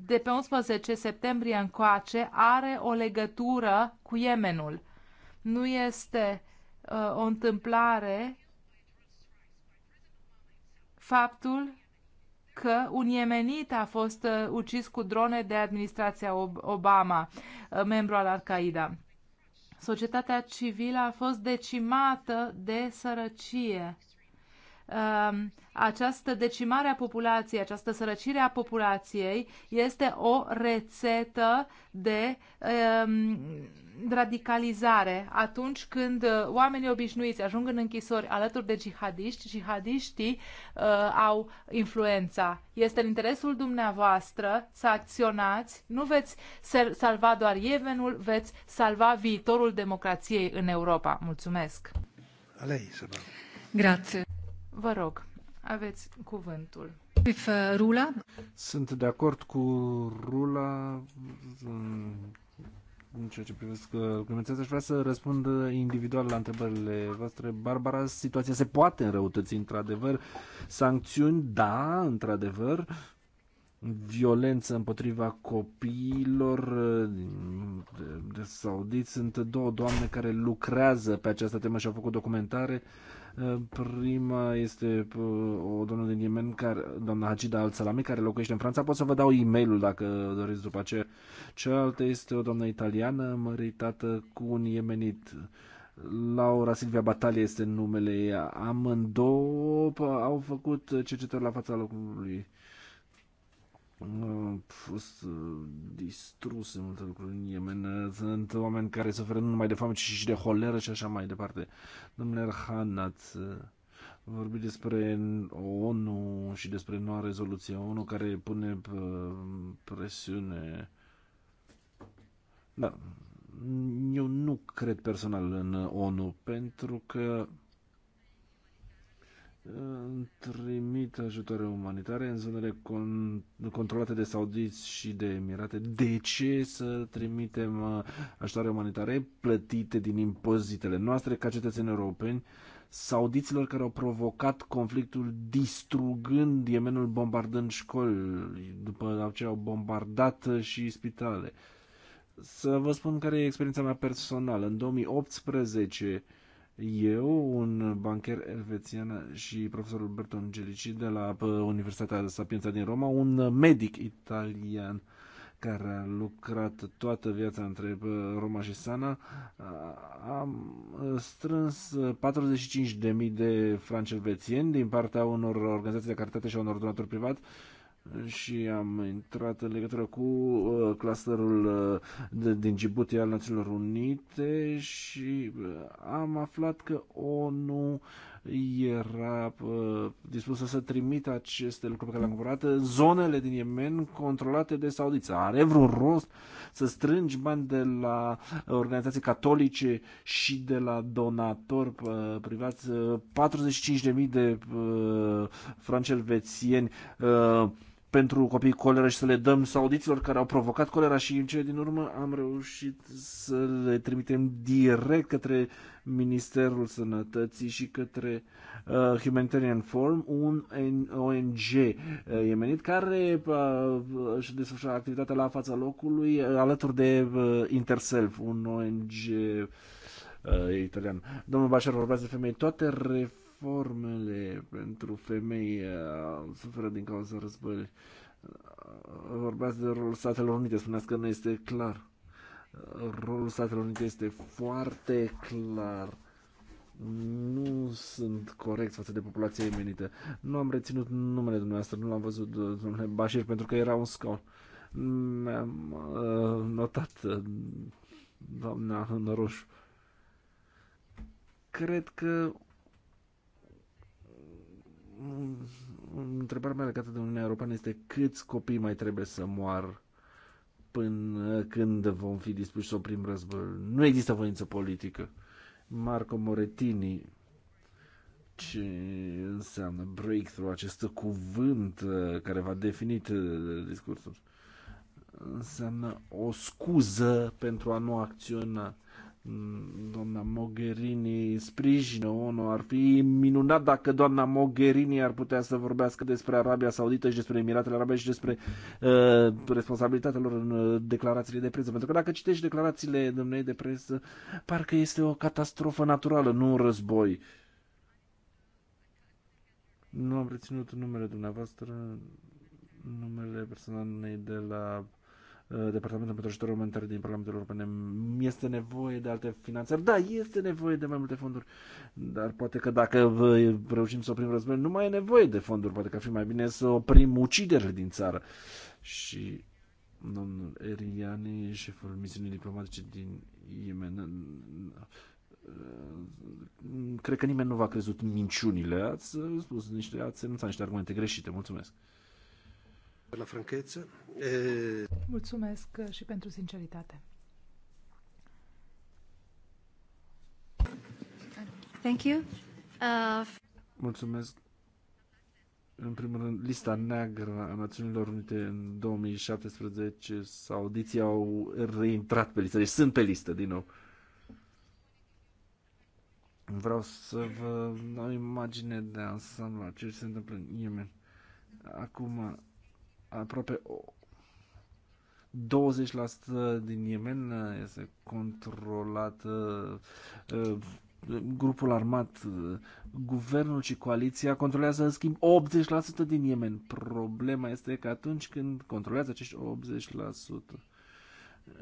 de pe 11 septembrie încoace are o legătură cu Yemenul. Nu este uh, o întâmplare faptul că un iemenit a fost uh, ucis cu drone de administrația Obama, uh, membru al Al-Qaeda. Societatea civilă a fost decimată de sărăcie. Um, această decimare a populației, această sărăcire a populației este o rețetă de um, radicalizare. Atunci când uh, oamenii obișnuiți ajung în închisori alături de jihadiști, jihadiștii uh, au influența. Este în interesul dumneavoastră să acționați. Nu veți salva doar Yemenul, veți salva viitorul democrației în Europa. Mulțumesc! Alei, să Grație! Vă rog, aveți cuvântul. Uh, Rula. Sunt de acord cu Rula în ceea ce privesc uh, clemențează aș vrea să răspund uh, individual la întrebările voastre. Barbara, situația se poate înrăutăți, într-adevăr. Sancțiuni, da, într-adevăr. Violență împotriva copiilor uh, de saudiți. Sunt două doamne care lucrează pe această temă și au făcut documentare. Uh, Prima este uh, o doamnă din Yemen, care, doamna Hagida Al-Salami, care locuiește în Franța. Pot să vă dau e-mailul dacă doriți după aceea. Cealaltă este o doamnă italiană, măritată cu un yemenit. Laura Silvia Batalie este numele ei. Amândouă au făcut cercetări la fața locului. Am uh, fost uh, distruse multe lucruri în Yemen. Uh, sunt oameni care suferă nu numai de foame, ci și de holeră și așa mai departe. Domnule Erhan, ați vorbit despre ONU și despre noua rezoluție ONU care pune presiune. Da, eu nu cred personal în ONU pentru că trimit ajutoare umanitare în zonele con- controlate de saudiți și de Emirate. De ce să trimitem uh, ajutoare umanitare plătite din impozitele noastre ca cetățeni europeni saudiților care au provocat conflictul distrugând Yemenul, bombardând școli, după ce au bombardat uh, și spitale. Să vă spun care e experiența mea personală. În 2018 eu, un bancher elvețian și profesorul Berton Gelici de la uh, Universitatea Sapienza din Roma, un medic italian care a lucrat toată viața între uh, Roma și Sana, uh, am strâns 45.000 de franci elvețieni din partea unor organizații de caritate și a unor donatori privat și am intrat în legătură cu uh, clusterul uh, din Djibouti al Națiunilor Unite și uh, am aflat că ONU era uh, dispusă să trimită aceste lucruri pe care le-am cumpărat în zonele din Yemen controlate de saudiți. Are vreun rost să strângi bani de la organizații catolice și de la donatori uh, privați? Uh, 45.000 de uh, franci uh, pentru copii colera și să le dăm saudiților care au provocat colera și în cele din urmă am reușit să le trimitem direct către Ministerul Sănătății și către uh, Humanitarian Forum, un ONG uh, iemenit care uh, își desfășura activitatea la fața locului uh, alături de uh, Interself, un ONG uh, italian. Domnul Bașar vorbea de femei, toate ref- formele pentru femei uh, suferă din cauza războiului. Uh, vorbeați de rolul Statelor Unite, spuneați că nu este clar. Rolul Statelor Unite este foarte clar nu sunt corect față de populația emenită. Nu am reținut numele dumneavoastră, nu l-am văzut, domnule Bașir, pentru că era un scaun. Mi-am uh, notat uh, doamna în roșu. Cred că Mm, întrebarea mea legată de Uniunea Europeană este câți copii mai trebuie să moară până când vom fi dispuși să oprim războiul. Nu există voință politică. Marco Moretini, ce înseamnă breakthrough, acest cuvânt uh, care va defini uh, discursul, înseamnă o scuză pentru a nu acționa doamna Mogherini sprijină ONU. Ar fi minunat dacă doamna Mogherini ar putea să vorbească despre Arabia Saudită și despre Emiratele Arabe și despre uh, responsabilitatea lor în uh, declarațiile de presă. Pentru că dacă citești declarațiile dumnei de presă, parcă este o catastrofă naturală, nu un război. Nu am reținut numele dumneavoastră, numele persoanei de la Uh, Departamentul pentru ajutor umanitar din Parlamentul European. Este nevoie de alte finanțări? Da, este nevoie de mai multe fonduri, dar poate că dacă uh, reușim să oprim război, nu mai e nevoie de fonduri. Poate că ar fi mai bine să oprim uciderile din țară. Și domnul Eriani, șeful misiunii diplomatice din Yemen, uh, cred că nimeni nu v-a crezut minciunile. Ați spus niște, ați enunțat niște argumente greșite. Mulțumesc. La franchețe. E... Mulțumesc și pentru sinceritate. Thank you. Uh... Mulțumesc. În primul rând, lista neagră a Națiunilor Unite în 2017 saudiții au reintrat pe listă, deci sunt pe listă din nou. Vreau să vă dau imagine de ansamblu a ce se întâmplă în Yemen. Acum, aproape 20% din Yemen uh, este controlat uh, uh, grupul armat, guvernul și coaliția controlează în schimb 80% din Yemen. Problema este că atunci când controlează acești 80%,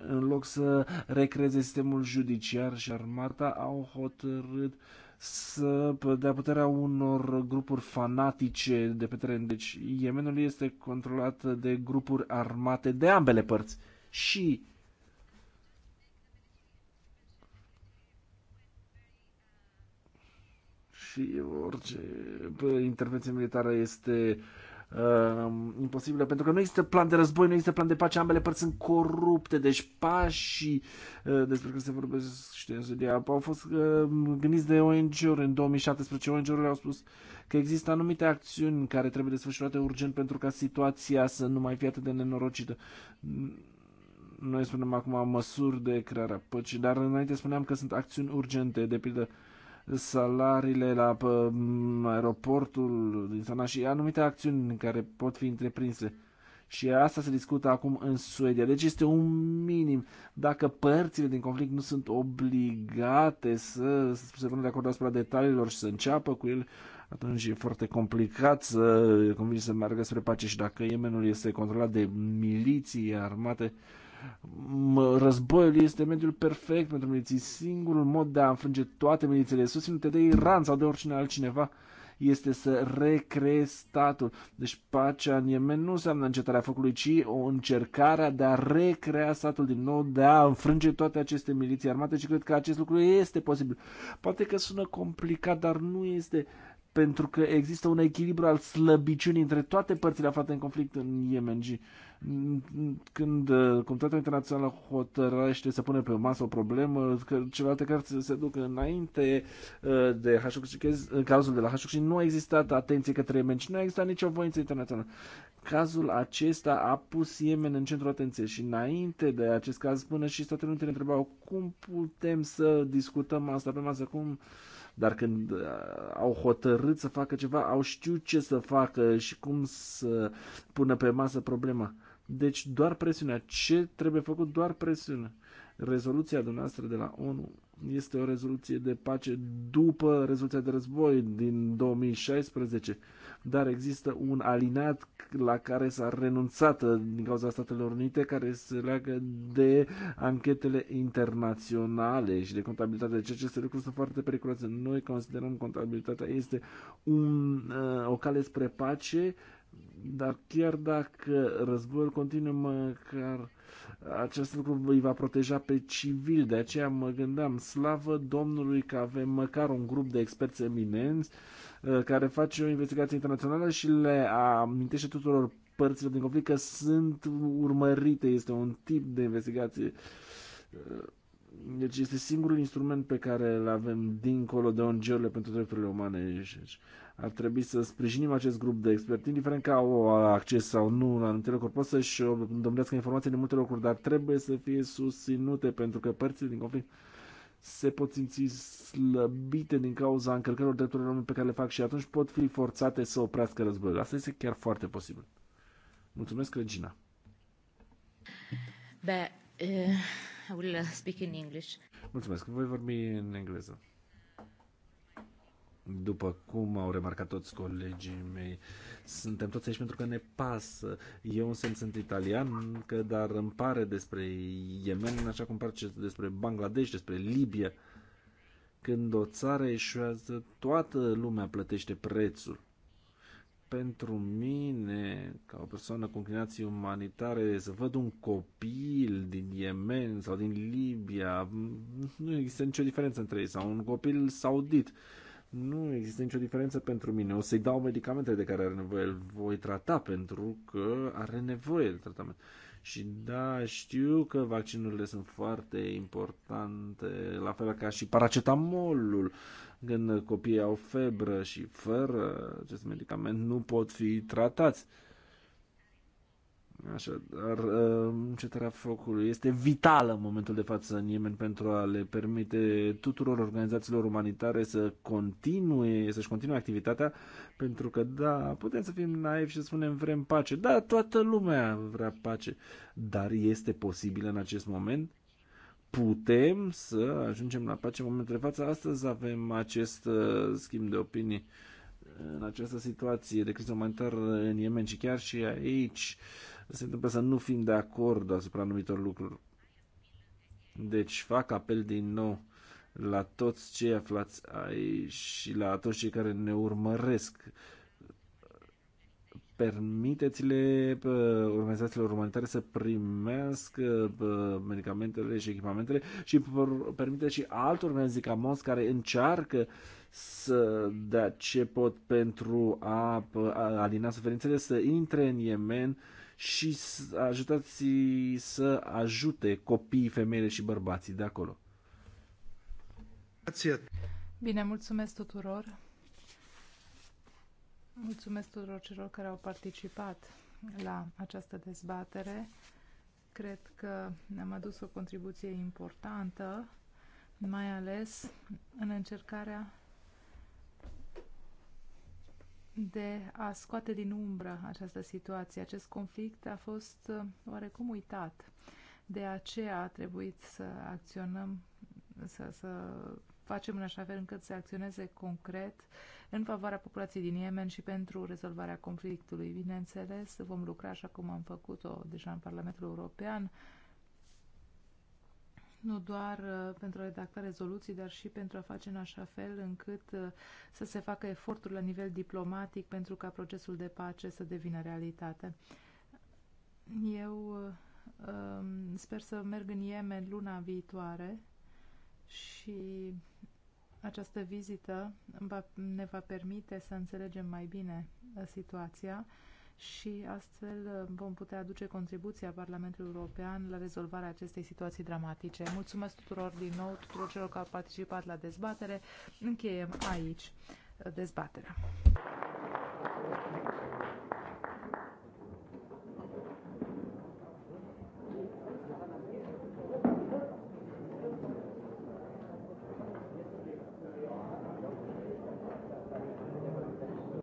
în loc să recreze sistemul judiciar și armata, au hotărât uh, să, de a puterea unor grupuri fanatice de pe teren. Deci Yemenul este controlat de grupuri armate de ambele părți. Și și orice intervenție militară este uh, um, pentru că nu există plan de război, nu există plan de pace, ambele părți sunt corupte, deci pașii uh, despre care se vorbesc știu, în au fost uh, gândiți de ONG-uri în 2017. ONG-urile au spus că există anumite acțiuni care trebuie desfășurate urgent pentru ca situația să nu mai fie atât de nenorocită noi spunem acum măsuri de creare a păcii, dar înainte spuneam că sunt acțiuni urgente, de pildă uh, salariile la aeroportul din Sana și anumite acțiuni care pot fi întreprinse. Și asta se discută acum în Suedia. Deci este un minim. Dacă părțile din conflict nu sunt obligate să se pună de acord asupra detaliilor și să înceapă cu el, atunci e foarte complicat să convingi să meargă spre pace și dacă Yemenul este controlat de miliții armate, uh, Războiul este mediul perfect pentru miliții. Singurul mod de a înfrânge toate milițiile susținute de Iran sau de oricine altcineva este să recreezi statul. Deci pacea în Yemen nu înseamnă încetarea focului, ci o încercare de a recrea statul din nou, de a înfrânge toate aceste miliții armate și cred că acest lucru este posibil. Poate că sună complicat, dar nu este pentru că există un echilibru al slăbiciunii între toate părțile aflate în conflict în Yemen când uh, comunitatea internațională hotărăște să pune pe masă o problemă, că celelalte cărți se duc înainte uh, de Hashuk în cazul de la Hashuk și nu a existat atenție către Yemen și nu a existat nicio voință internațională. Cazul acesta a pus Yemen în centrul atenției și înainte de acest caz până și Statele Unite ne întrebau cum putem să discutăm asta pe masă, cum dar când uh, au hotărât să facă ceva, au știut ce să facă și cum să pună pe masă problema. Deci doar presiunea. Ce trebuie făcut? Doar presiunea. Rezoluția dumneavoastră de la ONU este o rezoluție de pace după rezoluția de război din 2016, dar există un alinat la care s-a renunțat uh, din cauza Statelor Unite, care se leagă de anchetele internaționale și de contabilitate. Deci aceste lucruri sunt foarte periculoase. Noi considerăm contabilitatea este un, uh, o cale spre pace dar chiar dacă războiul continuă, măcar acest lucru îi va proteja pe civil. De aceea mă gândeam, slavă Domnului că avem măcar un grup de experți eminenți uh, care face o investigație internațională și le amintește tuturor părților din conflict că sunt urmărite. Este un tip de investigație uh, deci este singurul instrument pe care îl avem dincolo de ONG-urile pentru drepturile umane ar trebui să sprijinim acest grup de experți, indiferent că au acces sau nu în anumite locuri. Pot să-și domnească informații de multe locuri, dar trebuie să fie susținute pentru că părțile din conflict se pot simți slăbite din cauza încălcărilor drepturilor omului pe care le fac și atunci pot fi forțate să oprească războiul. Asta este chiar foarte posibil. Mulțumesc, Regina. Be, uh, I will uh, speak in English. Mulțumesc. Voi vorbi în engleză după cum au remarcat toți colegii mei, suntem toți aici pentru că ne pasă. Eu sens sunt italian, că dar îmi pare despre Yemen, așa cum pare despre Bangladesh, despre Libia. Când o țară eșuează, toată lumea plătește prețul pentru mine, ca o persoană cu inclinații umanitare, să văd un copil din Yemen sau din Libia, nu există nicio diferență între ei, sau un copil saudit. Uh, nu există nicio diferență pentru mine. O să-i dau medicamentele de care are nevoie. Îl voi trata pentru că are nevoie de tratament. Și da, știu că vaccinurile sunt foarte importante, la fel ca și paracetamolul. Când copiii au febră și fără acest medicament nu pot fi tratați. Uh, Așadar, uh, încetarea focului este vitală în momentul de față în Yemen pentru a le permite tuturor organizațiilor umanitare să continue, să-și continue activitatea, pentru că, da, putem să fim naivi și să spunem vrem pace. Da, toată lumea vrea pace, dar este posibil în acest moment? Putem să ajungem la pace în momentul de față? Astăzi avem acest uh, schimb de opinii în această situație de criză umanitară în Yemen și chiar și aici se întâmplă să nu fim de acord asupra anumitor lucruri. Deci fac apel din nou la toți cei aflați aici și la toți cei care ne urmăresc. Permiteți-le organizațiilor umanitare să primească medicamentele și echipamentele și permiteți și altor organizații ca MONS care încearcă să dea ce pot pentru a alina suferințele să intre în Yemen uh, și ajutați să ajute copiii, femeile și bărbații de acolo. Bine, mulțumesc tuturor. Mulțumesc tuturor celor care au participat la această dezbatere. Cred că ne-am adus o contribuție importantă, mai ales în încercarea de a scoate din umbră această situație. Acest conflict a fost uh, oarecum uitat. De aceea a trebuit să acționăm, să, să facem în așa fel încât să acționeze concret în favoarea populației din Yemen și pentru rezolvarea conflictului. Bineînțeles, vom lucra așa cum am făcut-o deja în Parlamentul European, nu doar uh, pentru a redacta rezoluții, dar și pentru a face în așa fel încât uh, să se facă eforturi la nivel diplomatic pentru ca procesul de pace să devină realitate. Eu uh, um, sper să merg în Yemen luna viitoare și această vizită ne va permite să înțelegem mai bine situația și astfel uh, vom putea aduce contribuția Parlamentului European la rezolvarea acestei situații dramatice. Mulțumesc tuturor din nou, tuturor celor care au participat la dezbatere. Încheiem aici uh, dezbaterea.